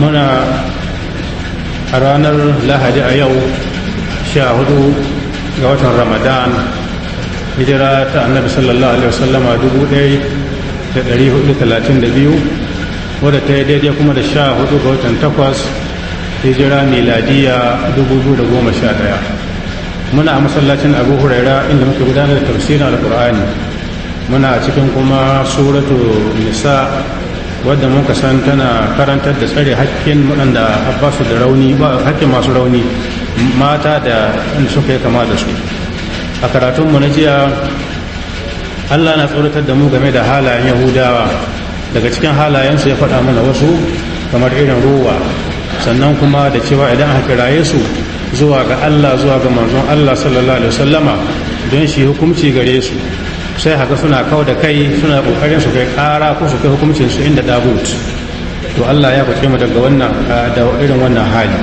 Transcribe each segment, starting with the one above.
muna a ranar lahadi a yau sha hudu ga watan ramadan hijira ta annabi sallallahu alaihi wasallama dubu da hudu talatin da biyu wadda ta yi daidai kuma da sha hudu ga watan takwas hijira miladiya dubu biyu da goma sha ɗaya muna a masallacin abu huraira inda muke gudanar da tafsirin alkur'ani muna cikin kuma suratu nisa wadda muka san tana karantar da tsare hakkin waɗanda ba su da rauni ba hakkin masu rauni mata da suka yi kama da su a karatunmu na jiya allah na tsoratar da mu game da halayen yahudawa daga cikin halayensu ya faɗa mana wasu kamar irin ruwa sannan kuma da cewa idan aka kiraye su zuwa ga allah zuwa ga manzon allah sallallahu alaihi wasallama don shi hukumci gare su sai haka suna kawo da kai suna kokarin su kai kara ko su kai hukuncin su inda dagut to Allah ya kuce mu daga wannan da irin wannan hali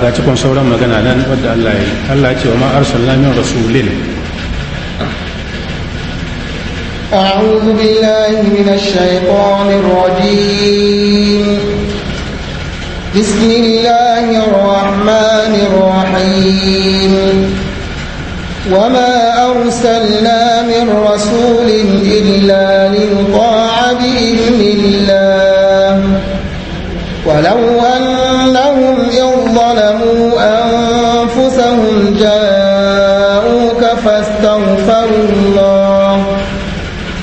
ga cikon sauran magana nan wanda Allah ya yi Allah ya ce wa ma arsalna min rasulin أعوذ بالله من الشيطان الرجيم بسم الله الرحمن الرحيم وما من رسول إلا ليطاع بإذن الله ولو أنهم إن ظلموا أنفسهم جاءوك فاستغفروا الله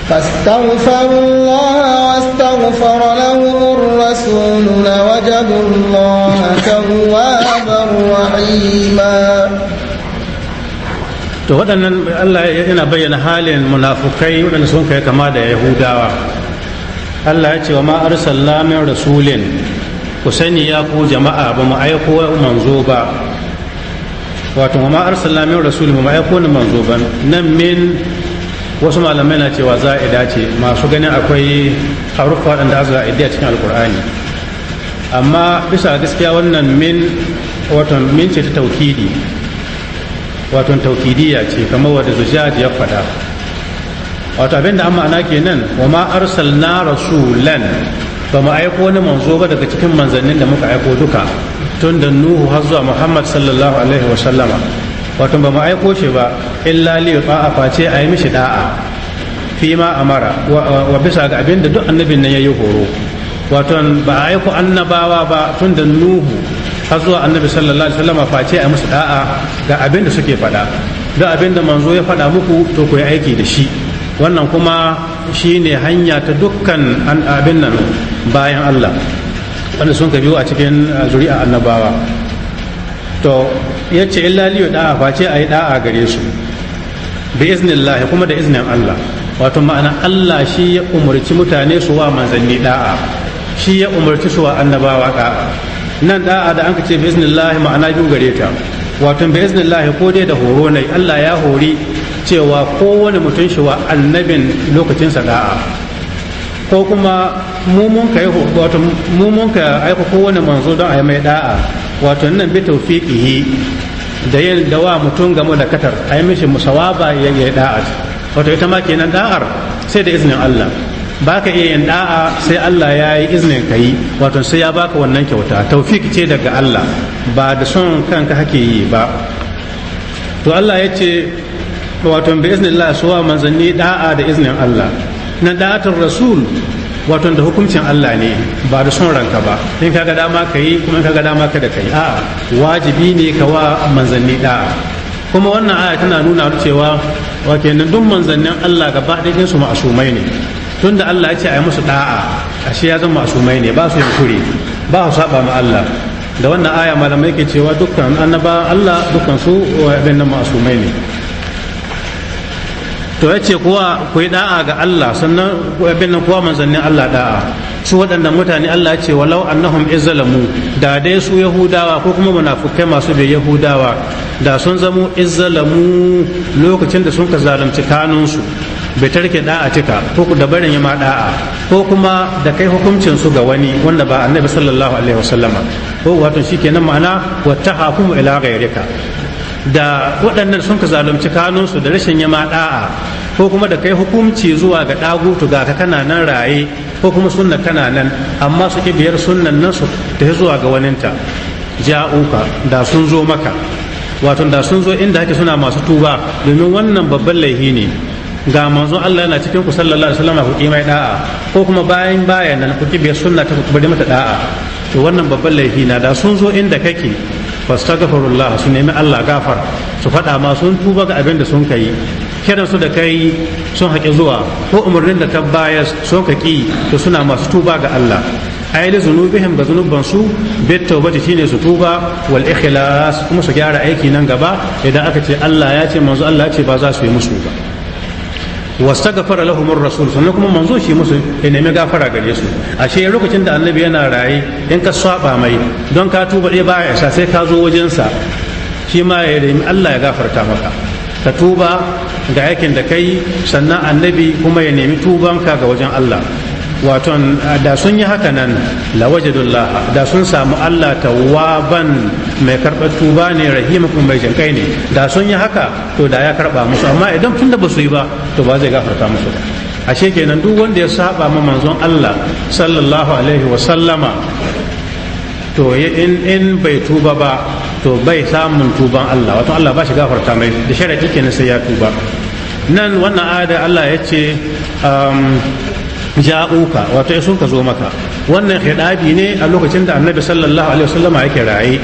فاستغفروا الله واستغفر to waɗannan Allah yana bayyana halin munafukai waɗanda sun kai kama da yahudawa Allah ya ce wa ma arsalla min rasulin ku sani ya ku jama'a ba mu aiko manzo ba wato wa ma arsalla min rasulin ba mu aiko ni manzo ba nan min wasu malamai na cewa za'ida ce masu ganin akwai harufa waɗanda a za'idi a cikin alkur'ani amma bisa gaskiya wannan min wato min ce ta taukidi waton taukidiyya ce kamar wadda zujad ya faɗa wato abin da an ma'ana kenan wa ma arsalna rasulan ba mu aiko wani manzo ba daga cikin manzannin da muka aiko duka tun da nuhu har zuwa muhammad sallallahu alaihi wa sallama wato ba mu aiko shi ba illa li ta'a face a yi mishi da'a fi ma amara wa bisa ga abinda duk annabin ya yi horo wato ba a aiko annabawa ba tun da nuhu har zuwa annabi sallallahu alaihi wasallam face a musu da'a ga abin da suke faɗa da abin da manzo ya faɗa muku to ku yi aiki da shi wannan kuma shine hanya ta dukkan abin nan bayan Allah wanda sun ka biyo a cikin zuri'a annabawa to yace illa liyu da'a face a yi da'a gare su bi iznillahi kuma da iznin Allah wato ma'ana Allah shi ya umarci mutane su wa manzanni da'a shi ya umarci su wa annabawa da'a nan da'a da an ka ce bismillahi ma'ana biyu gare ta wato bismillahi ko dai da horo ne Allah ya hori cewa kowane mutum shi wa annabin lokacinsa da'a ko kuma mumun ka wato mumun ka aika kowane manzo don a yi mai da'a wato nan bi tawfiqihi da yin dawa mutum game da katar a yi mishi musawaba ya yi da'a wato ita ma kenan da'ar sai da izinin Allah baka iya yin da'a sai Allah ya yi iznin ka yi wato sai ya baka wannan kyauta taufik ce daga Allah ba da son kanka hake yi ba to Allah ya ce wato bi iznin Allah suwa manzanni da'a da iznin Allah na da'atar rasul wato da hukuncin Allah ne ba da son ranka ba in ga dama ka yi kuma ga dama ka da kai a'a wajibi ne ka wa manzanni da'a kuma wannan aya tana nuna cewa wa kenan duk manzannin Allah gaba ɗayan su ma'asumai ne tun da Allah ya ce a yi musu da'a ashe ya zama mai ne ba su kuri ba su saba ma Allah da wannan aya malamai ke cewa dukkan annaba Allah dukkan su masu mai ne to ya ce kuwa ku yi da'a ga Allah sannan abin nan kuwa manzannin Allah da'a su waɗanda mutane Allah ya ce walau annahum izalamu da dai su yahudawa ko kuma munafukai masu bai yahudawa da sun zamo izalamu lokacin da sun ka zalunci kanunsu bai tarke tika ko da barin yi ma da'a ko kuma da kai hukuncin su ga wani wanda ba annabi sallallahu alaihi wasallama ko wato shikenan ma'ana wa tahakumu ila ghayrika da waɗannan sun ka zalunci kanunsu da rashin yama da'a ko kuma da kai hukunci zuwa ga ɗagutu ga ka kana nan raye ko kuma sunna kana nan amma su biyar sunnan nan su ta zuwa ga waninta ja'uka da sun zo maka wato da sun zo inda ake suna masu tuba domin wannan babban laifi ne ga manzon Allah yana cikin ku sallallahu alaihi wasallam ku mai da'a ko kuma bayan bayan nan ku kibiya sunna ta ku bari mata da'a to wannan babban laifi na da sun zo inda kake fastaghfirullah su nemi Allah gafar su faɗa ma sun tuba ga abin da sun kai kiran su da kai sun haƙi zuwa ko umarnin da ta bayar sun kaki to suna masu tuba ga Allah ai da zunubihim ga zunuban su bit tawbati shine su tuba wal ikhlas kuma su gyara aiki nan gaba idan aka ce Allah ya ce manzo Allah ya ce ba za su yi musu ba gafara lahum rasul sannan kuma manzo shi musu ya nemi gafara gare su ashe lokacin da annabi yana raye in ka saba mai don ka tuba ba baya isa sai ka zo wajen sa shi ma ya nemi Allah ya gafarta maka ka tuba ga aikin da kai sannan annabi kuma ya nemi tubanka ga wajen Allah waton da sun yi haka nan lawajadullah da sun samu Allah tawaban mai karɓar tuba ne rahima kuma mai jinkai ne da sun yi haka to da ya karɓa musu amma idan tun da ba su yi ba to ba zai gafarta musu ba ashe kenan duk wanda ya saba ma manzon Allah sallallahu alaihi wa sallama to in in bai tuba ba to bai samun tuban Allah wato Allah ba shi gafarta mai da sharadi kenan sai ya tuba nan wannan ada Allah ya ce um, ja'uka wato ya ka zo maka wannan hidabi ne a lokacin da annabi sallallahu alaihi wasallam yake raye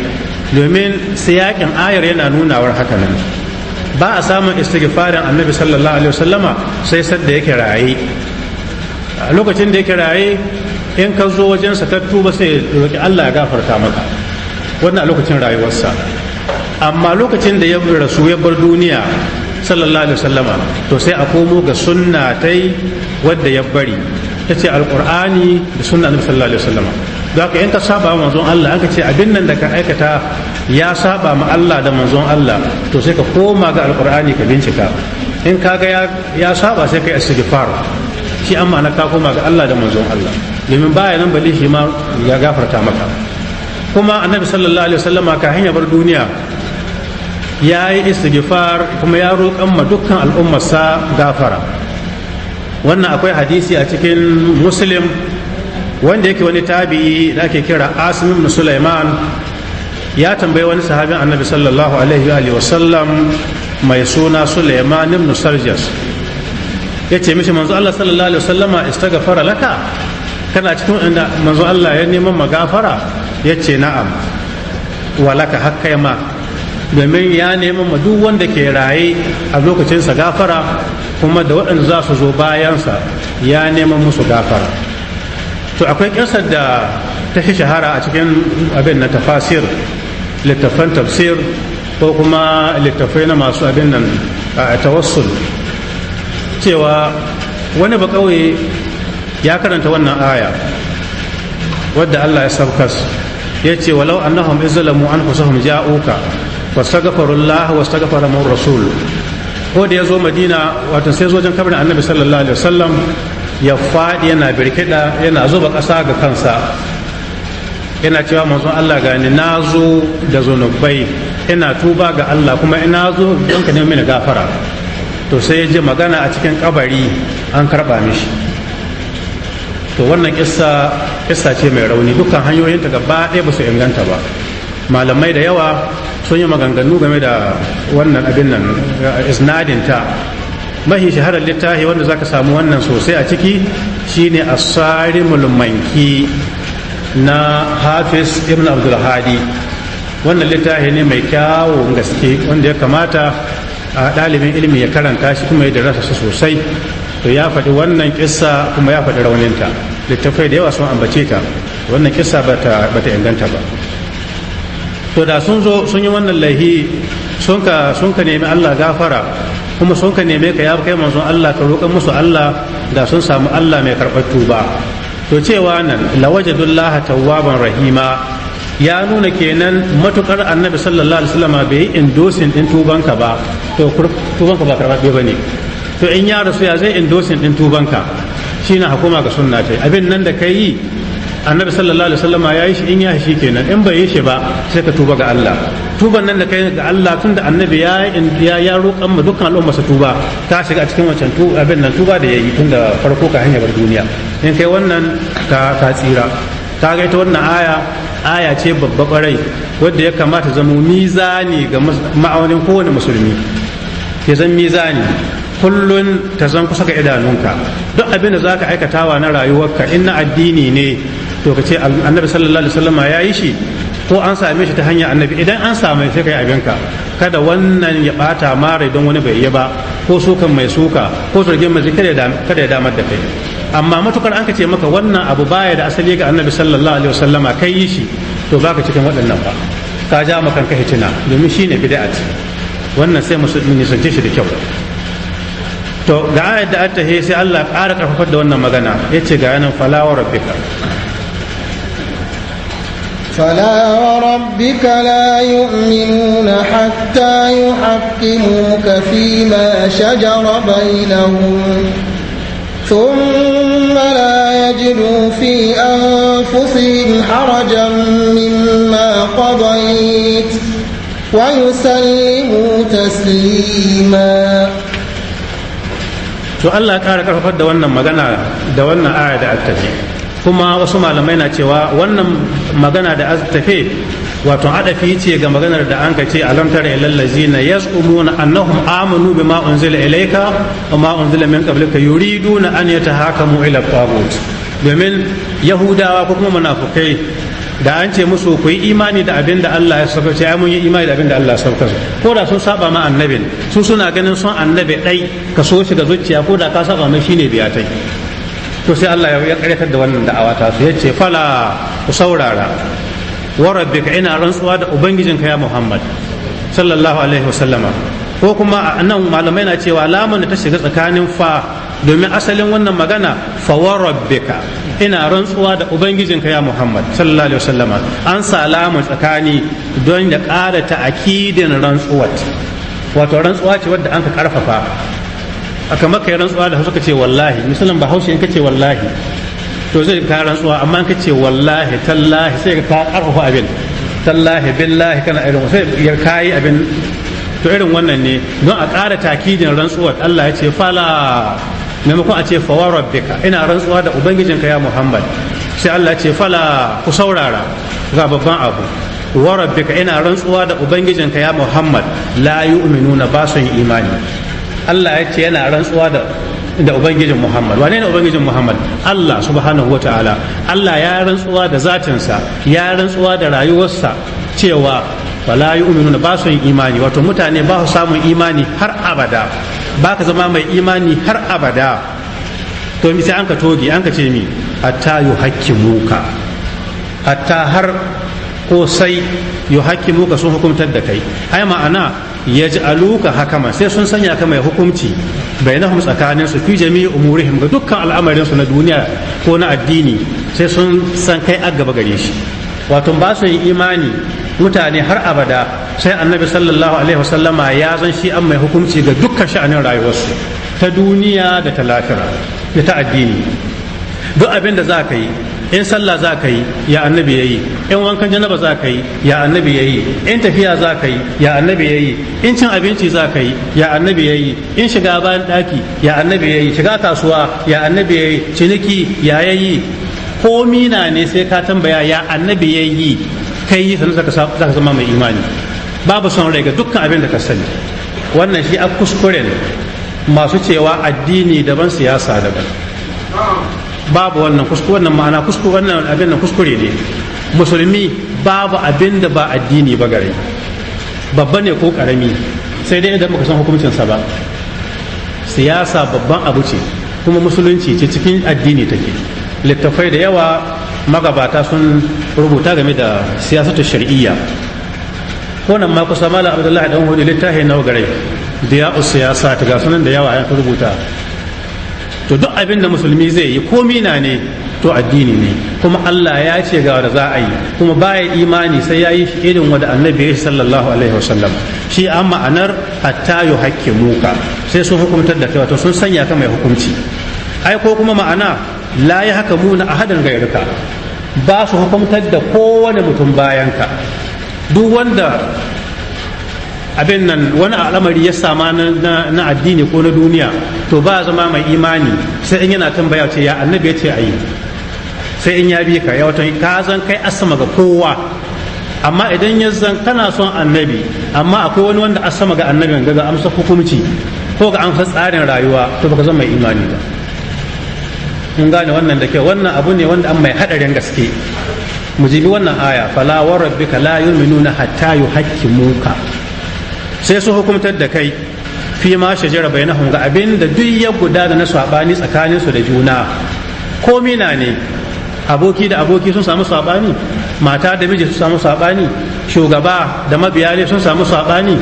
domin siyakin ayar yana nunawar haka nan ba a samun istighfarin annabi sallallahu alaihi wasallama sai sadda yake raye a lokacin da yake raye in ka zo wajen sa tattuba sai roki Allah ya gafarta maka wannan a lokacin rayuwarsa amma lokacin da ya rasu ya bar duniya sallallahu alaihi wasallama to sai a komo ga sunnatai wadda ya bari ta ce alkur'ani da sunna annabi sallallahu alaihi wasallam don haka in ka saba ma manzon Allah aka ce abin nan da ka aikata ya saba ma Allah da manzon Allah to sai ka koma ga alkur'ani ka bincika in ka ga ya saba sai kai istighfar shi amma na ka koma ga Allah da manzon Allah domin baya nan bali shi ma ya gafarta maka kuma annabi sallallahu alaihi wasallama ka hanya bar duniya ya yi istighfar kuma ya roƙan ma dukkan al'ummarsa gafara wannan akwai hadisi a cikin muslim wanda yake wani tabi'i da ake kira Asimin ibn ya tambayi wani sahabin annabi sallallahu alaihi wa sallam mai suna sulaiman ibn ya ce mishi manzo Allah sallallahu alaihi istaghfara laka kana cikin inda manzo Allah ya neman magafara ya ce na'am walaka hakkai ma domin ya neman ma duk wanda ke raye a lokacinsa gafara kuma da waɗanda za su zo bayansa ya neman musu gafara to akwai ƙasar da ta fi shahara a cikin abin na tafasir littafan tafsir ko kuma littafai na masu abin nan a tawassul cewa wani ba ƙauye ya karanta wannan aya wadda Allah ya saukas ya ce walau annahum izalamu an kusahum ja'uka wastaghfirullah wastaghfara rasul ko da ya zo madina wato sai zo wajen kabarin annabi sallallahu alaihi wasallam ya faɗi yana birkida yana zuba ƙasa ga kansa yana cewa manzon Allah gani na zo da zunubai ina tuba ga Allah kuma ina zo don ka nemi mini gafara to sai ya ji magana a cikin kabari an karɓa mishi to wannan kissa kissa ce mai rauni dukkan ta gaba ɗaya ba su inganta ba malamai da yawa sun yi maganganu game da wannan abin nan isnadinta mahi shaharar littafi wanda za zaka samu wannan sosai a ciki shine asarimul mulmanki na hafiz ibn abdulhadi wannan littafi ne mai kyawun gaske wanda ya kamata a ɗalibin ilimi ya karanta shi kuma ya darasa su sosai to ya faɗi wannan kissa kuma ya faɗi rauninta littafai da yawa sun ambace ta wannan kisa ba ta inganta ba to da sun zo sun yi wannan laihi sun ka nemi Allah gafara kuma sun ka nemi ka ya kai manzon Allah ka roƙa musu Allah da sun samu Allah mai karɓar tuba to cewa nan lawajadullaha tawwaban rahima ya nuna kenan matukar annabi sallallahu alaihi wasallam bai yi endorsing din tubanka ba to tubanka ba karɓaɓɓe ba ne to in ya rasu ya zai endorsing din tubanka shine hukuma ga sunna ce abin nan da ka yi annabi sallallahu alaihi wasallam ya yi shi in ya shi kenan in bai yi shi ba sai ka tuba ga Allah tuban nan da kai ga Allah tunda annabi ya ya ya roƙan mu dukkan al'umma su tuba ta shiga cikin wancan tu abin nan tuba da yayi tunda farko ka hanya bar duniya in kai wannan ka ka tsira ta ga ita wannan aya aya ce babba kwarai wadda ya kamata zama mizani ga ma'aunin kowane musulmi ya zan mizani kullun ta zan kusa ga idanunka duk abin da za ka aikatawa na rayuwarka in na addini ne to ka ce annabi sallallahu alaihi wasallam ya yi shi ko an same shi ta hanyar annabi idan an same shi kai ka kada wannan ya bata mare don wani bai yi ba ko sukan mai suka ko zargin mai kada ya damar da kai amma matukar an ka ce maka wannan abu baya da asali ga annabi sallallahu alaihi wasallam kai yi shi to baka cikin waɗannan ba ka ja maka kanka hitina domin shine bid'a wannan sai musulmi sanje shi da kyau to ga ayat da ta sai Allah ya ƙara da wannan magana yace ga yanan falawar rabbika فلا وربك لا يؤمنون حتى يحكموك فيما شجر بينهم ثم لا يجدوا في أنفسهم حرجا مما قضيت ويسلموا تسليما to Allah ya ƙara ƙarfafar da wannan magana da wannan aya da aka kuma wasu malamai na cewa wannan magana da tafe wato adafi ce ga maganar da anka ce alam tara ilal ladzina yasumuna annahum amanu bima unzila ilayka wa ma unzila min qablika yuriduna an yatahakamu ila tagut domin yahudawa ko kuma munafukai da an ce musu ku yi imani da abin da Allah ya sauka ce mun yi imani da abin da Allah ya sauka ko da sun saba ma annabin su suna ganin sun annabi dai ka so shi ga zuciya ko da ka saba mai shine biyatai to sai Allah ya karyatar da wannan da'awa ta su yace fala ku saurara wa rabbika ina rantsuwa da ubangijinka ya Muhammad sallallahu alaihi wasallama ko kuma nan malamai na cewa lamun da ta shiga tsakanin fa domin asalin wannan magana fa wa rabbika ina rantsuwa da ubangijinka ya Muhammad sallallahu alaihi wasallama an sa lamun tsakani don ya ƙara ta'akidin rantsuwat wato rantsuwa ce wadda an ka karfafa aka maka ya rantsuwa da hausa ce wallahi musulun ba hausa in kace wallahi to zai ka rantsuwa amma in kace wallahi tallahi sai ka karfafa abin tallahi billahi kana irin sai ya kayi abin to irin wannan ne don a ƙara takidin rantsuwar Allah ya ce fala maimakon a ce fawa rabbika ina rantsuwa da ubangijinka ya Muhammad sai Allah ya ce fala ku saurara ga babban abu wa rabbika ina rantsuwa da ubangijinka ya Muhammad la yu'minuna ba su imani Allah ya ce yana rantsuwa da da ubangijin Muhammad wane ne ubangijin Muhammad Allah subhanahu wataala Allah ya rantsuwa da zatinsa ya rantsuwa da rayuwarsa cewa wala yu'minu ba su yin imani wato mutane ba su samun imani har abada ba ka zama mai imani har abada to mi sai an ka toge an ka ce mi hatta yuhakkimuka hatta har ko sai yuhakkimuka sun hukumtar da kai ai ma'ana ya ji aluka hakama sai sun sanya ka mai hukunci bainahum tsakanin su fi jami'i umurihim ga dukkan al'amarin su na duniya ko na addini sai sun san kai a gaba gare shi wato ba su yi imani mutane har abada sai annabi sallallahu alaihi wasallama ya zan shi an mai hukunci ga dukkan sha'anin rayuwarsu ta duniya da ta lafira da ta addini duk abin da za ka yi in sallah za ka yi ya annabi ya yi in wankan janaba za ka yi ya annabi ya yi in tafiya za ka yi ya annabi ya yi in cin abinci za ka yi ya annabi ya yi in shiga bayan ɗaki ya annabi ya yi shiga kasuwa ya annabi ya yi ciniki ya ya yi komi na ne sai ka tambaya ya annabi ya yi kai yi sannan za ka zama mai imani babu son rai ga dukkan abin da ka sani wannan shi a kuskuren masu cewa addini daban siyasa daban babu wannan wannan ma'ana wannan abin nan kuskure ne musulmi babu abin da ba addini ba gare babba ne ko karami sai dai idan muka san hukuncin sa ba siyasa babban abu ce kuma musulunci ce cikin addini take littafai da yawa magabata sun rubuta game da siyasatu shar'iyya ko nan ma kusa mala abdullahi dan hudu littafi nawa gare da ya siyasa ta ga sunan da yawa ya rubuta to duk abin da musulmi zai yi komi na ne to addini ne kuma Allah ya ce ga wanda za a yi kuma baya imani sai ya yi shi irin wanda annabi ya sallallahu alaihi wasallam shi an ma'anar hatta yu hakkimuka sai sun hukumtar da kai wato sun sanya ka mai hukunci ai ko kuma ma'ana la ya haka muna ahadan gairuka ba su hukumtar da kowane mutum bayan ka duk wanda abin nan wani al'amari ya sama na addini ko na duniya to ba zama mai imani sai in yana tambaya ce ya annabi ya ce a yi sai in ya bi ka ya watan ka zan kai asama ga kowa amma idan ya zan kana son annabi amma akwai wani wanda asama ga annabin ga amsa hukunci ko ga an fa tsarin rayuwa to baka zama mai imani ba mun gane wannan da kyau wannan abu ne wanda an mai hadarin gaske mu jibi wannan aya fala warabbika la yu'minuna hatta yuhaqqimuka sai su hukumtar da kai fi ma shajara na ga abin da duk ya da na saɓani tsakanin su da juna ko mina ne aboki da aboki sun samu saɓani? mata da miji sun samu saɓani? shugaba da mabiya ne sun samu saɓani?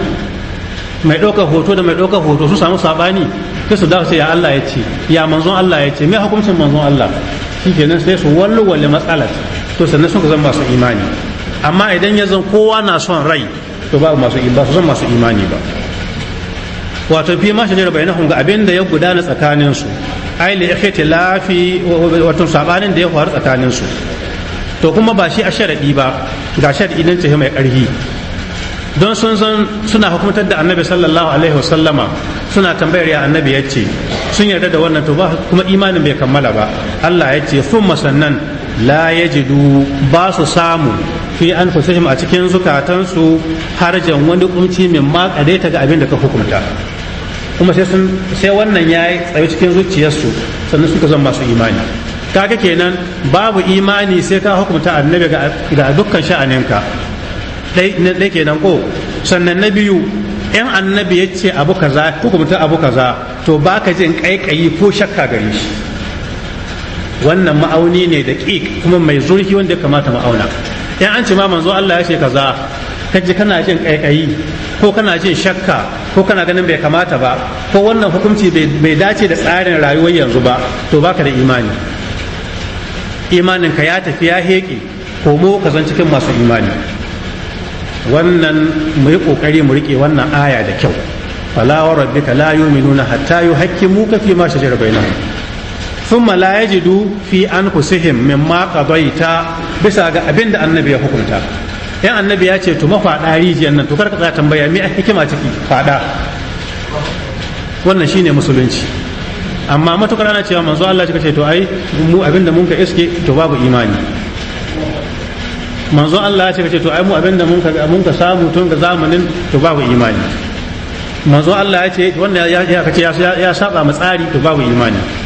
mai ɗaukar hoto da mai ɗaukar hoto sun samu saɓani? sai su dawo sai ya Allah ya ce ya manzon Allah ya ce me hukuncin manzon Allah shikenan sai su wallo matsalar to sannan sun zama masu imani amma idan ya zan kowa na son rai to ba masu ba su zan masu imani ba wato fi ma shajara bainahum ga abin da ya gudana tsakanin su ai li ikhtilafi wato sabanin da ya faru tsakanin su to kuma ba shi a sharadi ba ga sharadi nan tafi mai karhi don sun san suna hukumtar da annabi sallallahu alaihi wasallama suna tambayar ya annabi yace sun yarda da wannan to ba kuma imanin bai kammala ba Allah yace thumma sannan la yajidu ba su samu fi an fusihim a cikin zukatansu harjan wani kumci min ma ta ga abin da ka hukunta kuma sai sun sai wannan yayi tsaye cikin zuciyarsu sannan suka zama masu imani kaga kenan babu imani sai ka hukunta annabi ga dukkan sha'aninka dai kenan ko sannan na biyu in annabi ya ce abu kaza hukunta abu kaza to baka jin kaikayi ko shakka gare shi wannan ma'auni ne da kuma mai zurfi wanda ya kamata mu auna. in an ce ma manzo Allah ya ce kaza kaji kana jin kaikayi ko kana jin shakka ko kana ganin bai kamata ba ko wannan hukunci bai dace da tsarin rayuwar yanzu ba to baka da imani imanin ka ya tafi ya heke komo ka zan cikin masu imani wannan mu yi kokari mu rike wannan aya da kyau fala wa rabbika la yu'minuna hatta yuhaqqimuka fi ma shajara bainahum thumma la yajidu fi anfusihim مما قضيت bisa ga abinda annabi ya hukunta yan annabi ya ce to mafaɗa rijiyar nan to karka tsaya tambaya a hikima ciki fada. wannan shine musulunci amma matukar ana cewa manzo Allah ya ce to ai mu abinda mun ka iske to babu imani manzo Allah ya ce to ai mu abinda mun ka mun ka samu tun ga zamanin to babu imani manzo Allah ya ce wannan ya ce ya saba mu tsari to babu imani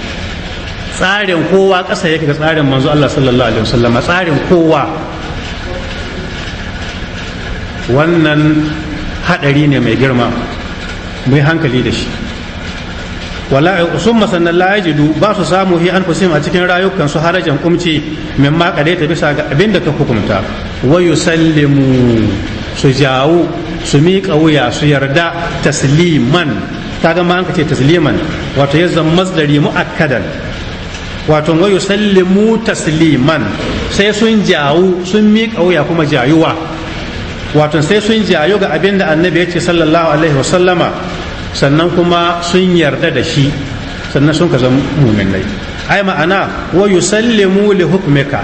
tsarin kowa ƙasa yake ga tsarin manzo Allah sallallahu alaihi wasallam tsarin kowa wannan haɗari ne mai girma mai hankali da shi wala sun masannan la ba su samu hi fusim a cikin rayukan su harajan kumci min ma ta bisa ga abin da ka hukunta wa yusallimu su jawo su miƙa wuya su yarda tasliman ta gama ma an ce tasliman wato ya zama masdari mu'akkadan wato wa yusallimu tasliman sai sun jawo sun miƙa wuya kuma jayuwa wato sai sun jayo ga abin da annabi ya ce sallallahu alaihi wasallama sannan kuma sun yarda da shi sannan sun ka zama muminai ai ma'ana wa yusallimu li hukmika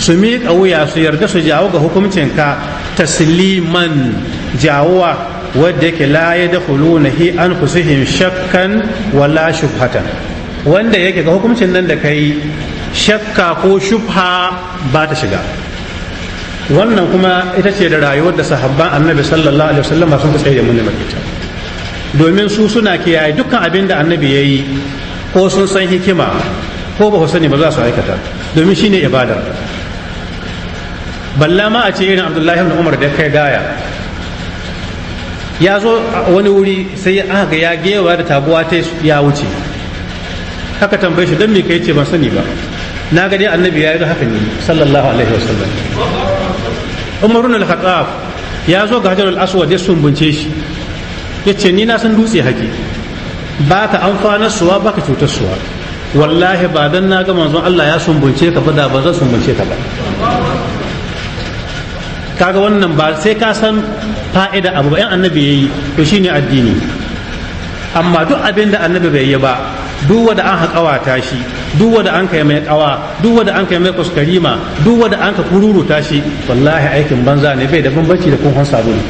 su miƙa wuya su yarda su jawo ga hukuncinka tasliman jawuwa wadda yake la ya na hi anfusihim shakkan wala shubhatan wanda yake ga hukuncin nan da kai shakka ko shubha ba ta shiga wannan kuma ita ce da rayuwar da sahabban annabi sallallahu alaihi wasallam sun tsaye da munne makita domin su suna kiyaye dukkan abin da annabi ya yi ko sun san hikima ko ba sani ba za su aikata domin shine ibada balla ma a ce irin abdullahi ibn umar da kai gaya ya zo wani wuri sai aka ga ya gewa da taguwa ta ya wuce haka tambaye shi don me kai ce ban sani ba na ga dai annabi ya yi haka ne sallallahu alaihi wasallam umar ibn al-khattab ya zo ga hajar al-aswad ya sumbunce shi ya ce ni na san dutse haki ba ka amfana suwa ba ka cutar suwa wallahi ba dan na ga manzon Allah ya sumbunce ka ba ba zan sumbunce ka ba kaga wannan ba sai ka san fa'ida abu ba yan annabi yayi to shine addini amma duk abin da annabi bai yi ba duk wanda an ta shi duk wanda an kai mai ƙawa duk wanda an kai mai kuskarima duk wanda an ka kururuta shi wallahi aikin banza ne bai da bambanci da kun sabulu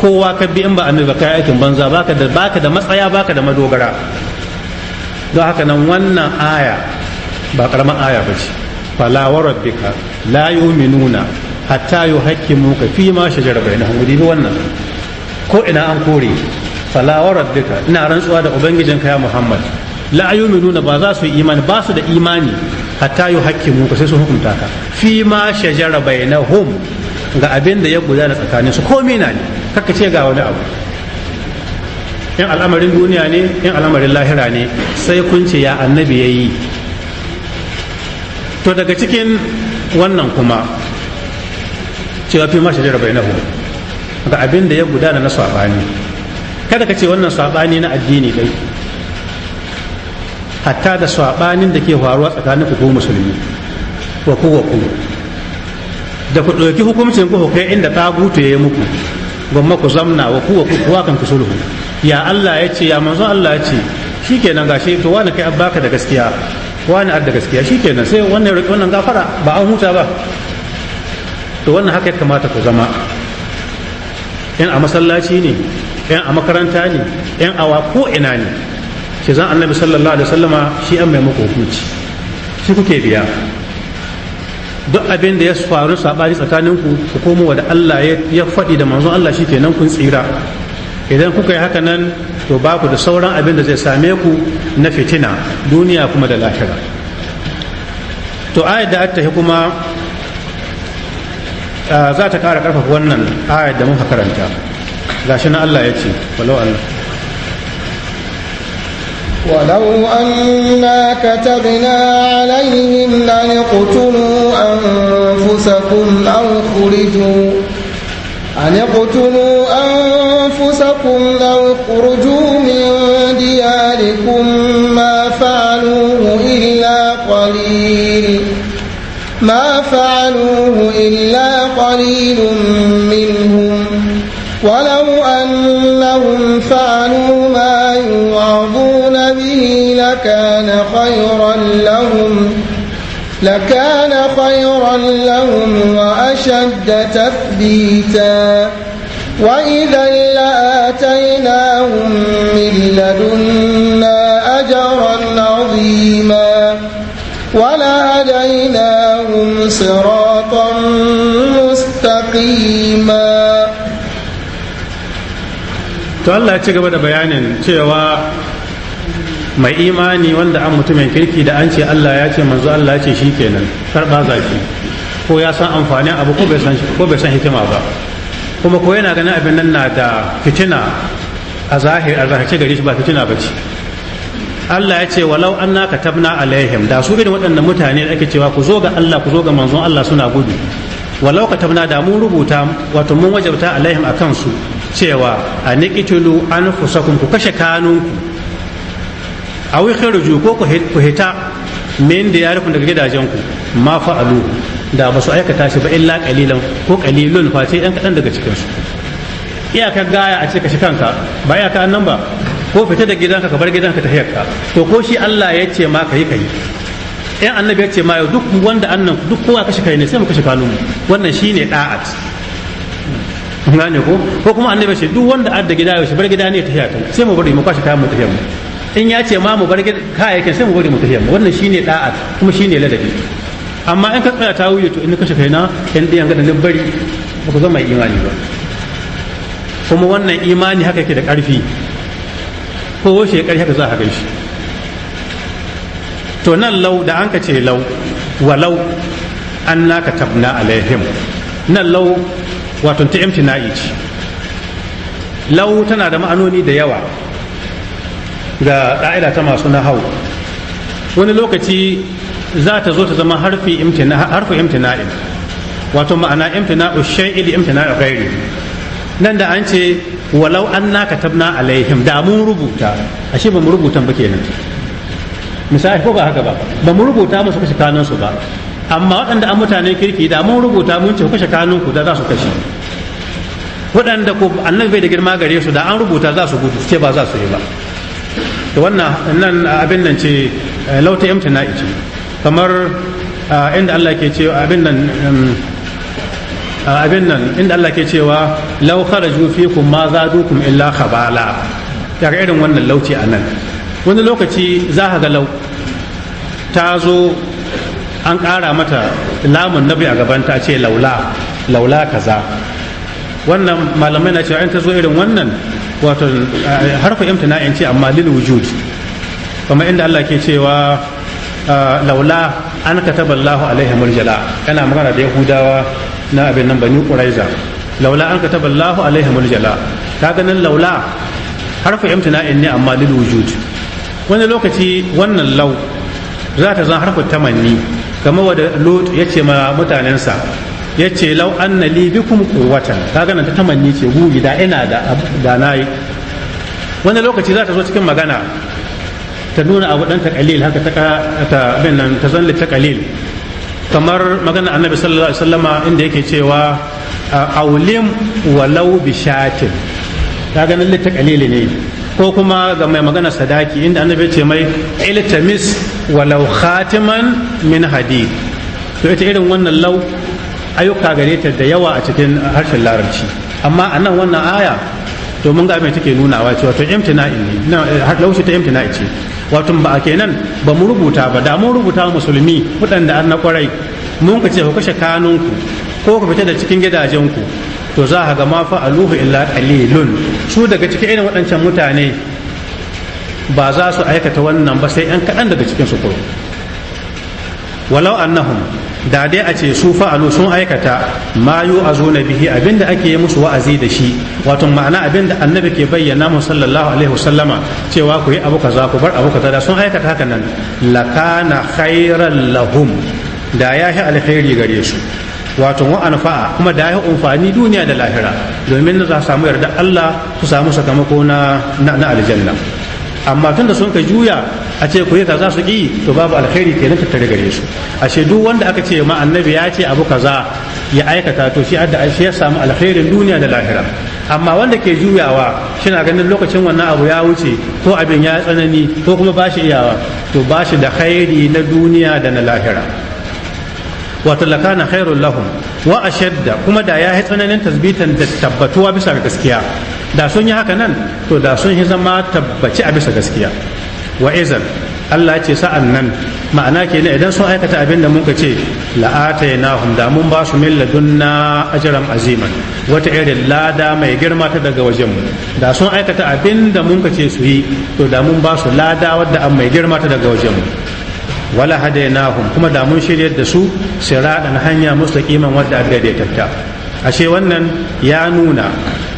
kowa ka bi in ba annabi ba kai aikin banza baka da baka da matsaya baka da madogara don haka nan wannan aya ba karamar aya ba ce fala wa rabbika la yu'minuna hatta yuhaqqimuka fi ma shajara bainahum dibi wannan ko ina an kore fala wa rabbika ina rantsuwa da ubangijin ya muhammad la nuna ba za su yi imani ba su da imani hatta yu hakki mu sai su hukunta ka fi ma shajara bainahum ga abin da ya gudana tsakanin su komai na ne kaka ce ga wani abu in al'amarin duniya ne in al'amarin lahira ne sai kun ce ya annabi ya yi to daga cikin wannan kuma cewa fi ma shajara bainahum ga abin da ya gudana na sabani kada ka ce wannan saɓani na addini dai hatta da saɓanin da ke faruwa tsakanin ku musulmi wa ku wa ku da ku ɗauki hukuncin ku kai inda gutu ya yi muku gwamma ku zamna wa ku wa ku kuwa kan ku sulhu ya Allah ya ce ya manzo Allah ya ce shi nan gashi to wani kai abbaka da gaskiya wani ar da gaskiya shi sai wannan sai wannan gafara ba an huta ba to wannan haka ya kamata ku zama in a masallaci ne yan a makaranta ne yan awa ko ina ne ke zan annabi sallallahu alaihi wasallama shi an mai muku hukunci shi kuke biya duk abin da ya faru sabani tsakanin ku ku komo da Allah ya faɗi da manzon Allah shi kenan kun tsira idan kuka yi haka nan to ba ku da sauran abin da zai same ku na fitina duniya kuma da lahira to ayat da ta kuma ah, za ta ƙara ƙarfafa wannan ayat da muka karanta gashi na Allah ya ce walau Allah ولو أنا كتبنا عليهم أن اقتلوا أنفسكم أو خرجوا أن اقتلوا أنفسكم أو اخرجوا من دياركم ما فعلوه إلا قليل ما فعلوه إلا قليل منهم ولا أنهم فعلوا ما يوعظون به لكان خيرا لهم لكان خيرا لهم وأشد تثبيتا وإذا لآتيناهم من لدنا أجرا عظيما ولهديناهم صراطا to Allah ya ci gaba da bayanin cewa mai imani wanda an mutumin kirki da an ce Allah ya ce manzo Allah ya ce shi kenan karɓa zaki ko ya san amfanin abu ko bai san ko bai san hikima ba kuma ko yana ganin abin nan na da fitina a zahir a zahirce gari shi ba fitina ba ce Allah ya ce walau an na katabna alaihim da su irin waɗannan mutane da ake cewa ku zo ga Allah ku zo ga manzon Allah suna gudu walau katabna da mun rubuta wato mun wajabta alaihim akan su cewa a nikitulu an fusakun ku kashe kanunku a wikin ruju ko ku hita min da rufin daga gidajenku ma fa'alu da ba su aikata shi ba illa kalilan ko kalilun face ɗan kadan daga cikinsu iyakar gaya a ce kashe kanka ba iyaka nan ba ko fita da gidanka ka bar gidanka ta hayyaka to ko shi Allah ya ce ma kayi kayi ɗan annabi ya ce ma yau duk wanda annan duk kowa kashe kai ne sai mu kashe kanunmu wannan shine da'at gane ko ko kuma annabi ce duk wanda adda gida yau shi bar gida ne tafiya ta sai mu bari mu kwashi kayan mu tafiya mu in ya ce ma mu bar kayayyakin sai mu bari mu tafiya mu wannan shine da'a kuma shine ladabi amma in ka tsaya ta wuce to in kashe kaina in da yanga da na bari ba ku zama imani ba kuma wannan imani haka yake da ƙarfi ko washe ƙarfi haka za a shi. to nan lau da an ka ce lau walau an tabna alaihim nan lau wato ta imtina'i ce lau tana da ma'anoni da yawa ga ɗa'ila ta masu nahau wani lokaci za ta zo ta zama harfi imtina'i wato ma'ana imtina'u shay'il imtina'u gairi nan da an ce walau an na katabna alaihim da mun rubuta ashe ba mu rubuta ba kenan misali ko ba haka ba ba mu rubuta musu kashi kanansu ba amma waɗanda an mutane kirki da mun rubuta mun ce kashe kanunku da za su kashe waɗanda ko annabi bai da girma gare su da an rubuta za su gudu ce ba za su yi ba to wannan nan abin nan ce eh, lauta imtina ce kamar eh, inda Allah ke ce abin nan eh, abin nan inda Allah ke cewa law kharaju fikum ma zadukum illa khabala daga irin wannan lauci a nan wani lokaci za ka ga lau ta zo an ƙara mata lamun nabi a gabanta ce laula laula kaza wannan malamai na cewa in ta zo irin wannan wato eh, harfa imtina in ce amma lil wujud kuma inda Allah ke cewa eh, laula an kataba Allahu alaihi aljala kana magana da yahudawa na abin nan bani quraiza laula an kataba Allahu alaihi aljala ka ganin laula harfa in ne amma lil wujud wani lokaci wannan lau za ta zan harfa tamanni kamar wadda lot ya ce ma mutanensa ya ce lau an na kuma kowacan ta gana ta tamanni ce gugu da ina da na yi wani lokaci za ta zo cikin magana ta nuna abu ɗan ta kalil haka ta bin nan ta zan ta kalil kamar magana annabi sallallahu alaihi inda yake cewa aulim walau bishatin ta ganin litta kalili ne ko kuma ga mai magana sadaki inda annabi ce mai iltamis walau khatiman min hadid to ita irin wannan lau ayyuka gare ta da yawa a cikin harshen larabci amma a nan wannan aya to mun ga mai take wa cewa to imtina'i ne laushi ta imtina'i ce wato ba kenan ba mu rubuta ba da mun rubuta musulmi waɗanda an na kwarai mun ka ce ku kashe kanunku ko ku fita da cikin gidajenku to za a ga ma aluhu illa qalilun su daga cikin irin waɗancan mutane ba za su aikata wannan ba sai ‘yan kaɗan daga cikin su kuro walau annahum da dai a ce su fa alu sun aikata ma yu a bihi abinda ake yi musu wa'azi da shi wato ma'ana abinda annabi ke bayyana mu sallallahu alaihi wasallama cewa ku yi abu kaza ku bar abu kaza da sun aikata haka nan lakana khairal lahum da ya shi alkhairi gare su wato wa anfa'a kuma da ya amfani duniya da lahira domin za su samu yarda Allah su samu sakamako na na aljanna amma tun da sun ka juya a ce ku ta za su ki to babu alkhairi kenan tattare gare su ashe duk wanda aka ce ma annabi ya ce abu kaza ya aikata to shi adda shi ya samu alkhairin duniya da lahira amma wanda ke juyawa shi na ganin lokacin wannan abu ya wuce ko abin ya tsanani ko kuma bashi iyawa to shi da khairi na duniya da na lahira wato lakana khairul lahum wa ashadda kuma da ya yi tsananin tasbitan da tabbatuwa bisa ga gaskiya da sun yi haka nan to da sun yi zama tabbaci a bisa gaskiya wa izan Allah ce sa'an nan ma'ana ke idan sun aikata abin da muka ce la'atai na da mun ba su min ladunna ajiran aziman wata irin lada mai girma ta daga wajenmu da sun aikata abin da muka ce su yi to da mun ba su lada wadda an mai girma ta daga wajenmu wala hadainahum kuma da mun shiryar da su siradan hanya mustaqiman wadda aka daidaita ashe wannan ya nuna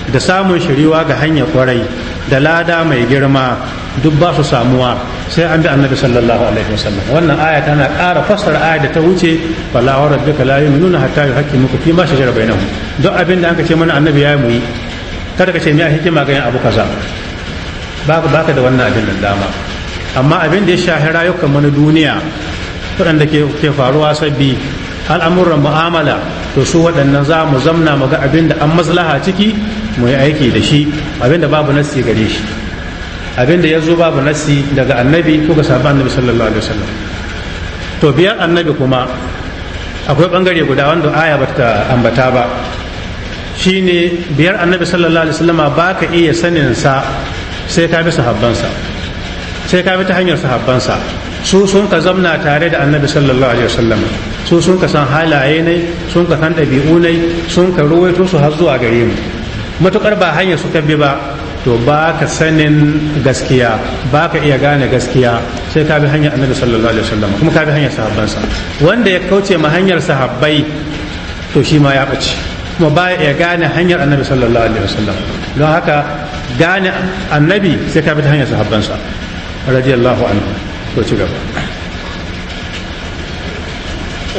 da samun shiriwa ga hanyar kwarai da lada mai girma duk ba su samuwa sai an bi annabi sallallahu alaihi wasallam wannan aya tana ƙara fassara aya da ta wuce wala wa rabbika la yu'minuna hatta yuhaqqimuka fi ma shajara bainahum duk abin da anka ce mana annabi ya muyi kada ka ce mai hikima ga yin abu kaza baka baka da wannan abin da dama amma abin da ya shahi rayukan mana duniya waɗanda ke faruwa sabbi al'amuran mu'amala to su waɗannan za mu zamna mu ga abin da an maslaha ciki mu yi aiki da shi abin da babu nassi gare shi abin da ya zo babu nassi daga annabi ko ga sabon annabi sallallahu alaihi wasallam to biyar annabi kuma akwai bangare guda wanda aya ba ta ambata ba shine biyar annabi sallallahu alaihi wasallam ba ka iya saninsa sai ka bi sahabbansa sai ka bi ta hanyar sahabbansa su sun ka zamna tare da annabi sallallahu alaihi wasallam su sun ka san halaye ne sun ka san ɗabi'u ne sun ka ruwaito su har zuwa gare mu matukar ba hanyar su bi ba to ba ka sanin gaskiya ba ka iya gane gaskiya sai ka bi hanyar annabi sallallahu alaihi wasallam kuma ka bi hanyar sahabbansa wanda ya kauce ma hanyar sahabbai to shi ma ya ɓace kuma ba ya gane hanyar annabi sallallahu alaihi wasallam don haka gane annabi sai ka bi ta hanyar sahabbansa رضي الله عنه ci gaba